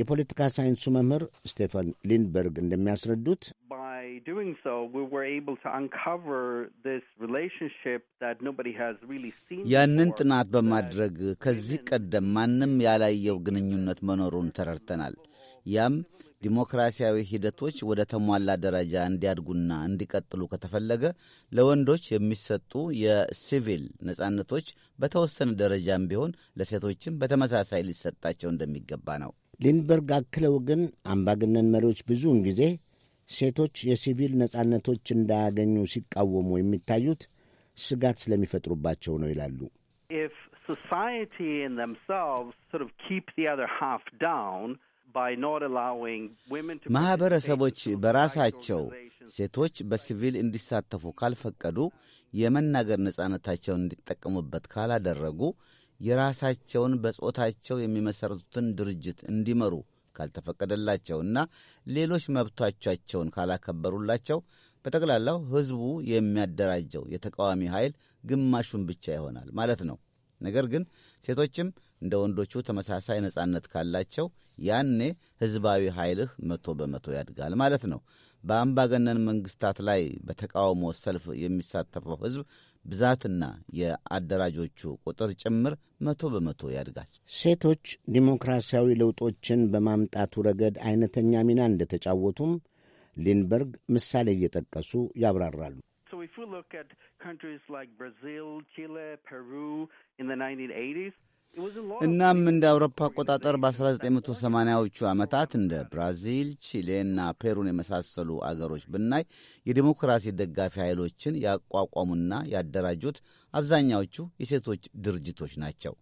የፖለቲካ ሳይንሱ መምህር ስቴፈን ሊንበርግ እንደሚያስረዱት by doing so, we were able to uncover this relationship that nobody has really seen. ያንን ጥናት uh, በማድረግ ከዚህ ቀደም ማንም ያላየው ግንኙነት መኖሩን ተረድተናል። ያም ዲሞክራሲያዊ ሂደቶች ወደ ተሟላ ደረጃ እንዲያድጉና እንዲቀጥሉ ከተፈለገ ለወንዶች የሚሰጡ የሲቪል ነጻነቶች በተወሰነ ደረጃም ቢሆን ለሴቶችም በተመሳሳይ ሊሰጣቸው እንደሚገባ ነው። ሊንበርግ አክለው ግን አምባገነን መሪዎች ብዙውን ጊዜ ሴቶች የሲቪል ነጻነቶች እንዳያገኙ ሲቃወሙ የሚታዩት ስጋት ስለሚፈጥሩባቸው ነው ይላሉ። ማኅበረሰቦች በራሳቸው ሴቶች በሲቪል እንዲሳተፉ ካልፈቀዱ፣ የመናገር ነጻነታቸውን እንዲጠቀሙበት ካላደረጉ፣ የራሳቸውን በጾታቸው የሚመሠረቱትን ድርጅት እንዲመሩ ካልተፈቀደላቸውና ሌሎች መብቶቻቸውን ካላከበሩላቸው በጠቅላላው ሕዝቡ የሚያደራጀው የተቃዋሚ ኃይል ግማሹን ብቻ ይሆናል ማለት ነው። ነገር ግን ሴቶችም እንደ ወንዶቹ ተመሳሳይ ነጻነት ካላቸው ያኔ ሕዝባዊ ኃይልህ መቶ በመቶ ያድጋል ማለት ነው። በአምባገነን መንግስታት ላይ በተቃውሞ ሰልፍ የሚሳተፈው ሕዝብ ብዛትና የአደራጆቹ ቁጥር ጭምር መቶ በመቶ ያድጋል። ሴቶች ዲሞክራሲያዊ ለውጦችን በማምጣቱ ረገድ አይነተኛ ሚና እንደተጫወቱም ሊንበርግ ምሳሌ እየጠቀሱ ያብራራሉ። እናም እንደ አውሮፓ አቆጣጠር በ1980ዎቹ ዓመታት እንደ ብራዚል፣ ቺሌና ፔሩን የመሳሰሉ አገሮች ብናይ የዲሞክራሲ ደጋፊ ኃይሎችን ያቋቋሙና ያደራጁት አብዛኛዎቹ የሴቶች ድርጅቶች ናቸው።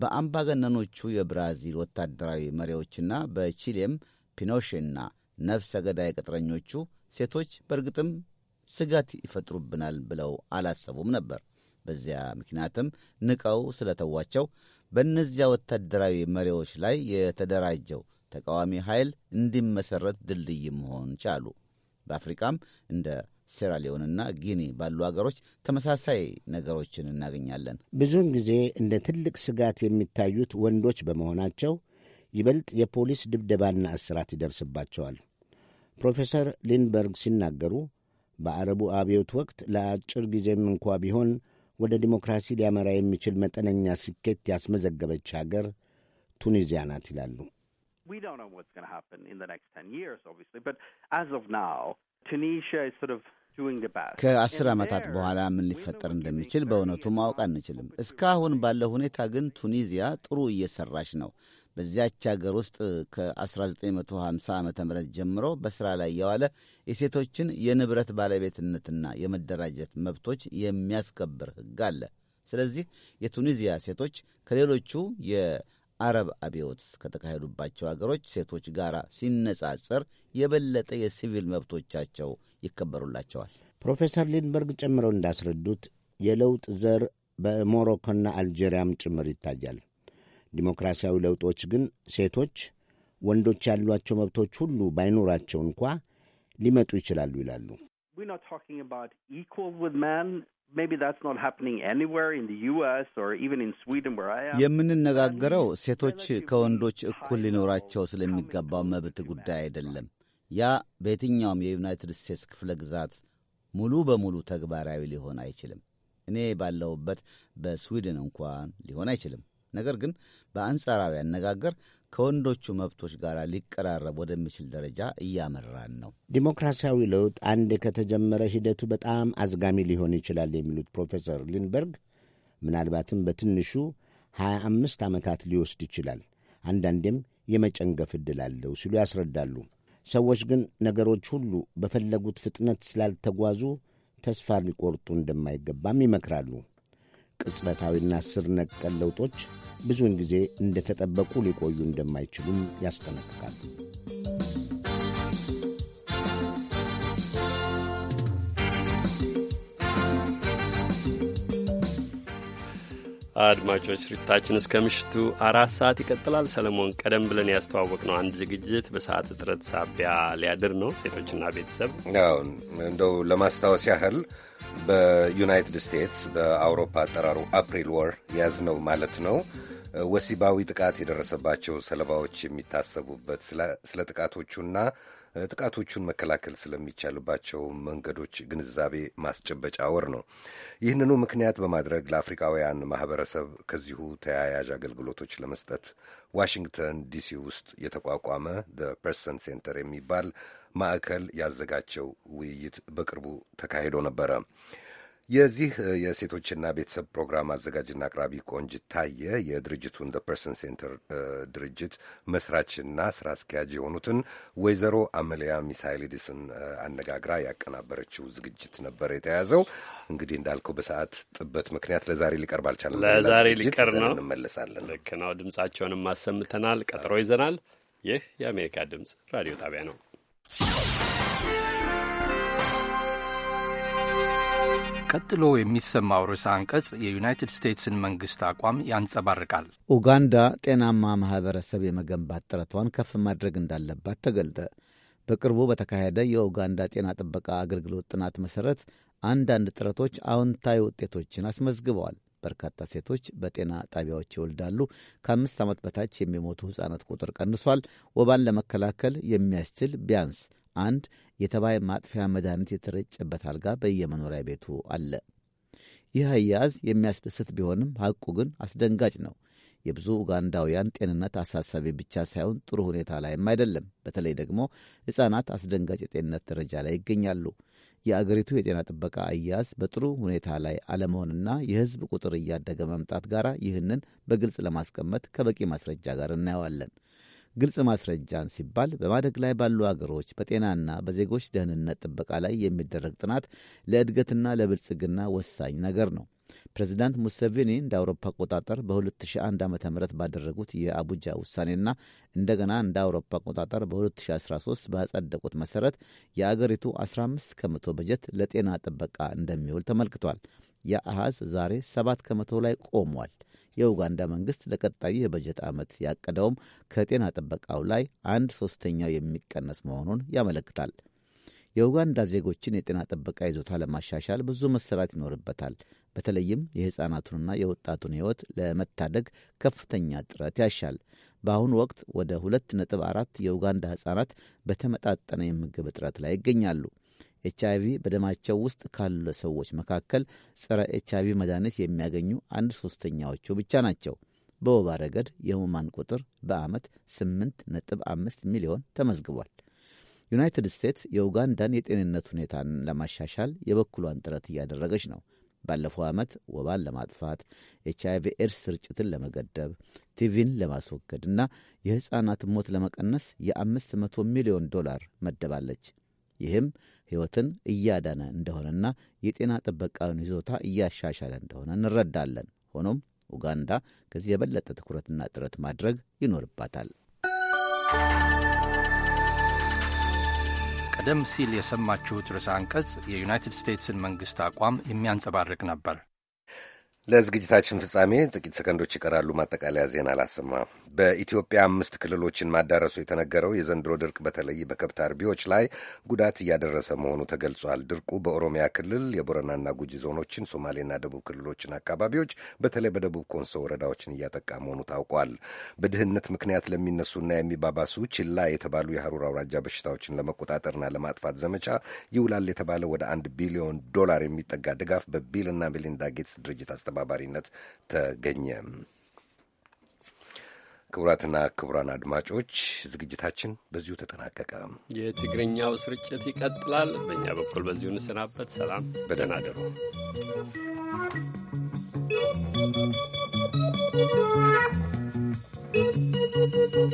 በአምባገነኖቹ የብራዚል ወታደራዊ መሪዎችና በቺሌም ፒኖሼና ነፍሰ ገዳይ ቅጥረኞቹ ሴቶች በእርግጥም ስጋት ይፈጥሩብናል ብለው አላሰቡም ነበር። በዚያ ምክንያትም ንቀው ስለተዋቸው በእነዚያ ወታደራዊ መሪዎች ላይ የተደራጀው ተቃዋሚ ኃይል እንዲመሠረት ድልድይ መሆን ቻሉ። በአፍሪካም እንደ ሴራሊዮንና ጊኒ ባሉ አገሮች ተመሳሳይ ነገሮችን እናገኛለን። ብዙውን ጊዜ እንደ ትልቅ ስጋት የሚታዩት ወንዶች በመሆናቸው ይበልጥ የፖሊስ ድብደባና እስራት ይደርስባቸዋል። ፕሮፌሰር ሊንበርግ ሲናገሩ በአረቡ አብዮት ወቅት ለአጭር ጊዜም እንኳ ቢሆን ወደ ዲሞክራሲ ሊያመራ የሚችል መጠነኛ ስኬት ያስመዘገበች ሀገር ቱኒዚያ ናት ይላሉ። ከአስር ዓመታት በኋላ ምን ሊፈጠር እንደሚችል በእውነቱ ማወቅ አንችልም። እስካሁን ባለው ሁኔታ ግን ቱኒዚያ ጥሩ እየሰራች ነው። በዚያች ሀገር ውስጥ ከ1950 ዓ ም ጀምሮ በሥራ ላይ የዋለ የሴቶችን የንብረት ባለቤትነትና የመደራጀት መብቶች የሚያስከብር ሕግ አለ። ስለዚህ የቱኒዚያ ሴቶች ከሌሎቹ የአረብ አብዮት ከተካሄዱባቸው አገሮች ሴቶች ጋር ሲነጻጸር የበለጠ የሲቪል መብቶቻቸው ይከበሩላቸዋል። ፕሮፌሰር ሊንበርግ ጨምረው እንዳስረዱት የለውጥ ዘር በሞሮኮና አልጄሪያም ጭምር ይታያል። ዲሞክራሲያዊ ለውጦች ግን ሴቶች ወንዶች ያሏቸው መብቶች ሁሉ ባይኖራቸው እንኳ ሊመጡ ይችላሉ ይላሉ። የምንነጋገረው ሴቶች ከወንዶች እኩል ሊኖራቸው ስለሚገባው መብት ጉዳይ አይደለም። ያ በየትኛውም የዩናይትድ ስቴትስ ክፍለ ግዛት ሙሉ በሙሉ ተግባራዊ ሊሆን አይችልም። እኔ ባለሁበት በስዊድን እንኳን ሊሆን አይችልም። ነገር ግን በአንጻራዊ አነጋገር ከወንዶቹ መብቶች ጋር ሊቀራረብ ወደሚችል ደረጃ እያመራን ነው። ዲሞክራሲያዊ ለውጥ አንድ ከተጀመረ ሂደቱ በጣም አዝጋሚ ሊሆን ይችላል የሚሉት ፕሮፌሰር ሊንበርግ ምናልባትም በትንሹ 25 ዓመታት ሊወስድ ይችላል፣ አንዳንዴም የመጨንገፍ ዕድል አለው ሲሉ ያስረዳሉ። ሰዎች ግን ነገሮች ሁሉ በፈለጉት ፍጥነት ስላልተጓዙ ተስፋ ሊቆርጡ እንደማይገባም ይመክራሉ። ቅጽበታዊና ስር ነቀል ለውጦች ብዙውን ጊዜ እንደተጠበቁ ሊቆዩ እንደማይችሉም ያስጠነቅቃል። አድማጮች ስርጭታችን እስከ ምሽቱ አራት ሰዓት ይቀጥላል። ሰለሞን፣ ቀደም ብለን ያስተዋወቅ ነው አንድ ዝግጅት በሰዓት እጥረት ሳቢያ ሊያድር ነው። ሴቶችና ቤተሰብ ያው እንደው ለማስታወስ ያህል በዩናይትድ ስቴትስ በአውሮፓ አጠራሩ አፕሪል ወር ያዝነው ማለት ነው ወሲባዊ ጥቃት የደረሰባቸው ሰለባዎች የሚታሰቡበት ስለ ጥቃቶቹና ጥቃቶቹን መከላከል ስለሚቻልባቸው መንገዶች ግንዛቤ ማስጨበጫ ወር ነው። ይህንኑ ምክንያት በማድረግ ለአፍሪካውያን ማህበረሰብ ከዚሁ ተያያዥ አገልግሎቶች ለመስጠት ዋሽንግተን ዲሲ ውስጥ የተቋቋመ ፐርሰን ሴንተር የሚባል ማዕከል ያዘጋጀው ውይይት በቅርቡ ተካሂዶ ነበረ። የዚህ የሴቶችና ቤተሰብ ፕሮግራም አዘጋጅና አቅራቢ ቆንጅት ታየ የድርጅቱን ፐርሰን ሴንተር ድርጅት መስራችና ስራ አስኪያጅ የሆኑትን ወይዘሮ አመሊያ ሚሳይልዲስን አነጋግራ ያቀናበረችው ዝግጅት ነበር የተያዘው። እንግዲህ እንዳልከው በሰዓት ጥበት ምክንያት ለዛሬ ሊቀርብ አልቻለም። ለዛሬ ሊቀር ነው፣ እንመለሳለን። ልክ ነው። ድምጻቸውንም አሰምተናል፣ ቀጠሮ ይዘናል። ይህ የአሜሪካ ድምጽ ራዲዮ ጣቢያ ነው። ቀጥሎ የሚሰማው ርዕሰ አንቀጽ የዩናይትድ ስቴትስን መንግሥት አቋም ያንጸባርቃል። ኡጋንዳ ጤናማ ማኅበረሰብ የመገንባት ጥረቷን ከፍ ማድረግ እንዳለባት ተገልጠ። በቅርቡ በተካሄደ የኡጋንዳ ጤና ጥበቃ አገልግሎት ጥናት መሠረት አንዳንድ ጥረቶች አዎንታዊ ውጤቶችን አስመዝግበዋል። በርካታ ሴቶች በጤና ጣቢያዎች ይወልዳሉ። ከአምስት ዓመት በታች የሚሞቱ ሕፃናት ቁጥር ቀንሷል። ወባን ለመከላከል የሚያስችል ቢያንስ አንድ የተባይ ማጥፊያ መድኃኒት የተረጨበት አልጋ በየመኖሪያ ቤቱ አለ። ይህ አያያዝ የሚያስደስት ቢሆንም ሐቁ ግን አስደንጋጭ ነው። የብዙ ኡጋንዳውያን ጤንነት አሳሳቢ ብቻ ሳይሆን ጥሩ ሁኔታ ላይም አይደለም። በተለይ ደግሞ ሕፃናት አስደንጋጭ የጤንነት ደረጃ ላይ ይገኛሉ። የአገሪቱ የጤና ጥበቃ አያያዝ በጥሩ ሁኔታ ላይ አለመሆንና የሕዝብ ቁጥር እያደገ መምጣት ጋር ይህንን በግልጽ ለማስቀመጥ ከበቂ ማስረጃ ጋር እናየዋለን። ግልጽ ማስረጃን ሲባል በማደግ ላይ ባሉ አገሮች በጤናና በዜጎች ደህንነት ጥበቃ ላይ የሚደረግ ጥናት ለእድገትና ለብልጽግና ወሳኝ ነገር ነው። ፕሬዚዳንት ሙሴቪኒ እንደ አውሮፓ አቆጣጠር በ2001 ዓ ም ባደረጉት የአቡጃ ውሳኔና እንደገና እንደ አውሮፓ አቆጣጠር በ2013 ባጸደቁት መሠረት የአገሪቱ 15 ከመቶ በጀት ለጤና ጥበቃ እንደሚውል ተመልክቷል። የአሃዝ ዛሬ 7 ከመቶ ላይ ቆሟል። የኡጋንዳ መንግሥት ለቀጣዩ የበጀት ዓመት ያቀደውም ከጤና ጥበቃው ላይ አንድ ሦስተኛው የሚቀነስ መሆኑን ያመለክታል። የኡጋንዳ ዜጎችን የጤና ጥበቃ ይዞታ ለማሻሻል ብዙ መሰራት ይኖርበታል። በተለይም የሕፃናቱንና የወጣቱን ሕይወት ለመታደግ ከፍተኛ ጥረት ያሻል። በአሁኑ ወቅት ወደ ሁለት ነጥብ አራት የኡጋንዳ ሕፃናት በተመጣጠነ የምግብ እጥረት ላይ ይገኛሉ። ኤች አይቪ በደማቸው ውስጥ ካሉ ሰዎች መካከል ጸረ ኤች አይቪ መድኃኒት የሚያገኙ አንድ ሶስተኛዎቹ ብቻ ናቸው። በወባ ረገድ የህሙማን ቁጥር በዓመት 8.5 ሚሊዮን ተመዝግቧል። ዩናይትድ ስቴትስ የኡጋንዳን የጤንነት ሁኔታን ለማሻሻል የበኩሏን ጥረት እያደረገች ነው። ባለፈው ዓመት ወባን ለማጥፋት ኤች አይቪ ኤድስ ስርጭትን ለመገደብ ቲቪን ለማስወገድና የሕፃናት ሞት ለመቀነስ የአምስት መቶ ሚሊዮን ዶላር መደባለች። ይህም ሕይወትን እያዳነ እንደሆነና የጤና ጥበቃውን ይዞታ እያሻሻለ እንደሆነ እንረዳለን። ሆኖም ኡጋንዳ ከዚህ የበለጠ ትኩረትና ጥረት ማድረግ ይኖርባታል። ቀደም ሲል የሰማችሁት ርዕሰ አንቀጽ የዩናይትድ ስቴትስን መንግሥት አቋም የሚያንጸባርቅ ነበር። ለዝግጅታችን ፍጻሜ ጥቂት ሰከንዶች ይቀራሉ። ማጠቃለያ ዜና አላሰማ በኢትዮጵያ አምስት ክልሎችን ማዳረሱ የተነገረው የዘንድሮ ድርቅ በተለይ በከብት አርቢዎች ላይ ጉዳት እያደረሰ መሆኑ ተገልጿል። ድርቁ በኦሮሚያ ክልል የቦረናና ጉጂ ዞኖችን፣ ሶማሌና ደቡብ ክልሎችን አካባቢዎች በተለይ በደቡብ ኮንሶ ወረዳዎችን እያጠቃ መሆኑ ታውቋል። በድህነት ምክንያት ለሚነሱና የሚባባሱ ችላ የተባሉ የሐሩር አውራጃ በሽታዎችን ለመቆጣጠርና ለማጥፋት ዘመቻ ይውላል የተባለ ወደ አንድ ቢሊዮን ዶላር የሚጠጋ ድጋፍ በቢልና ሜሊንዳ ጌትስ ድርጅት አስተባባሪነት ተገኘ። ክቡራትና ክቡራን አድማጮች ዝግጅታችን በዚሁ ተጠናቀቀ። የትግርኛው ስርጭት ይቀጥላል። በእኛ በኩል በዚሁ እንሰናበት። ሰላም፣ በደህና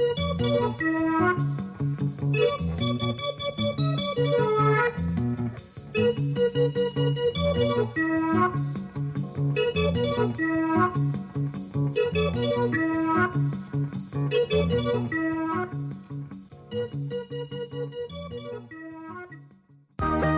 you.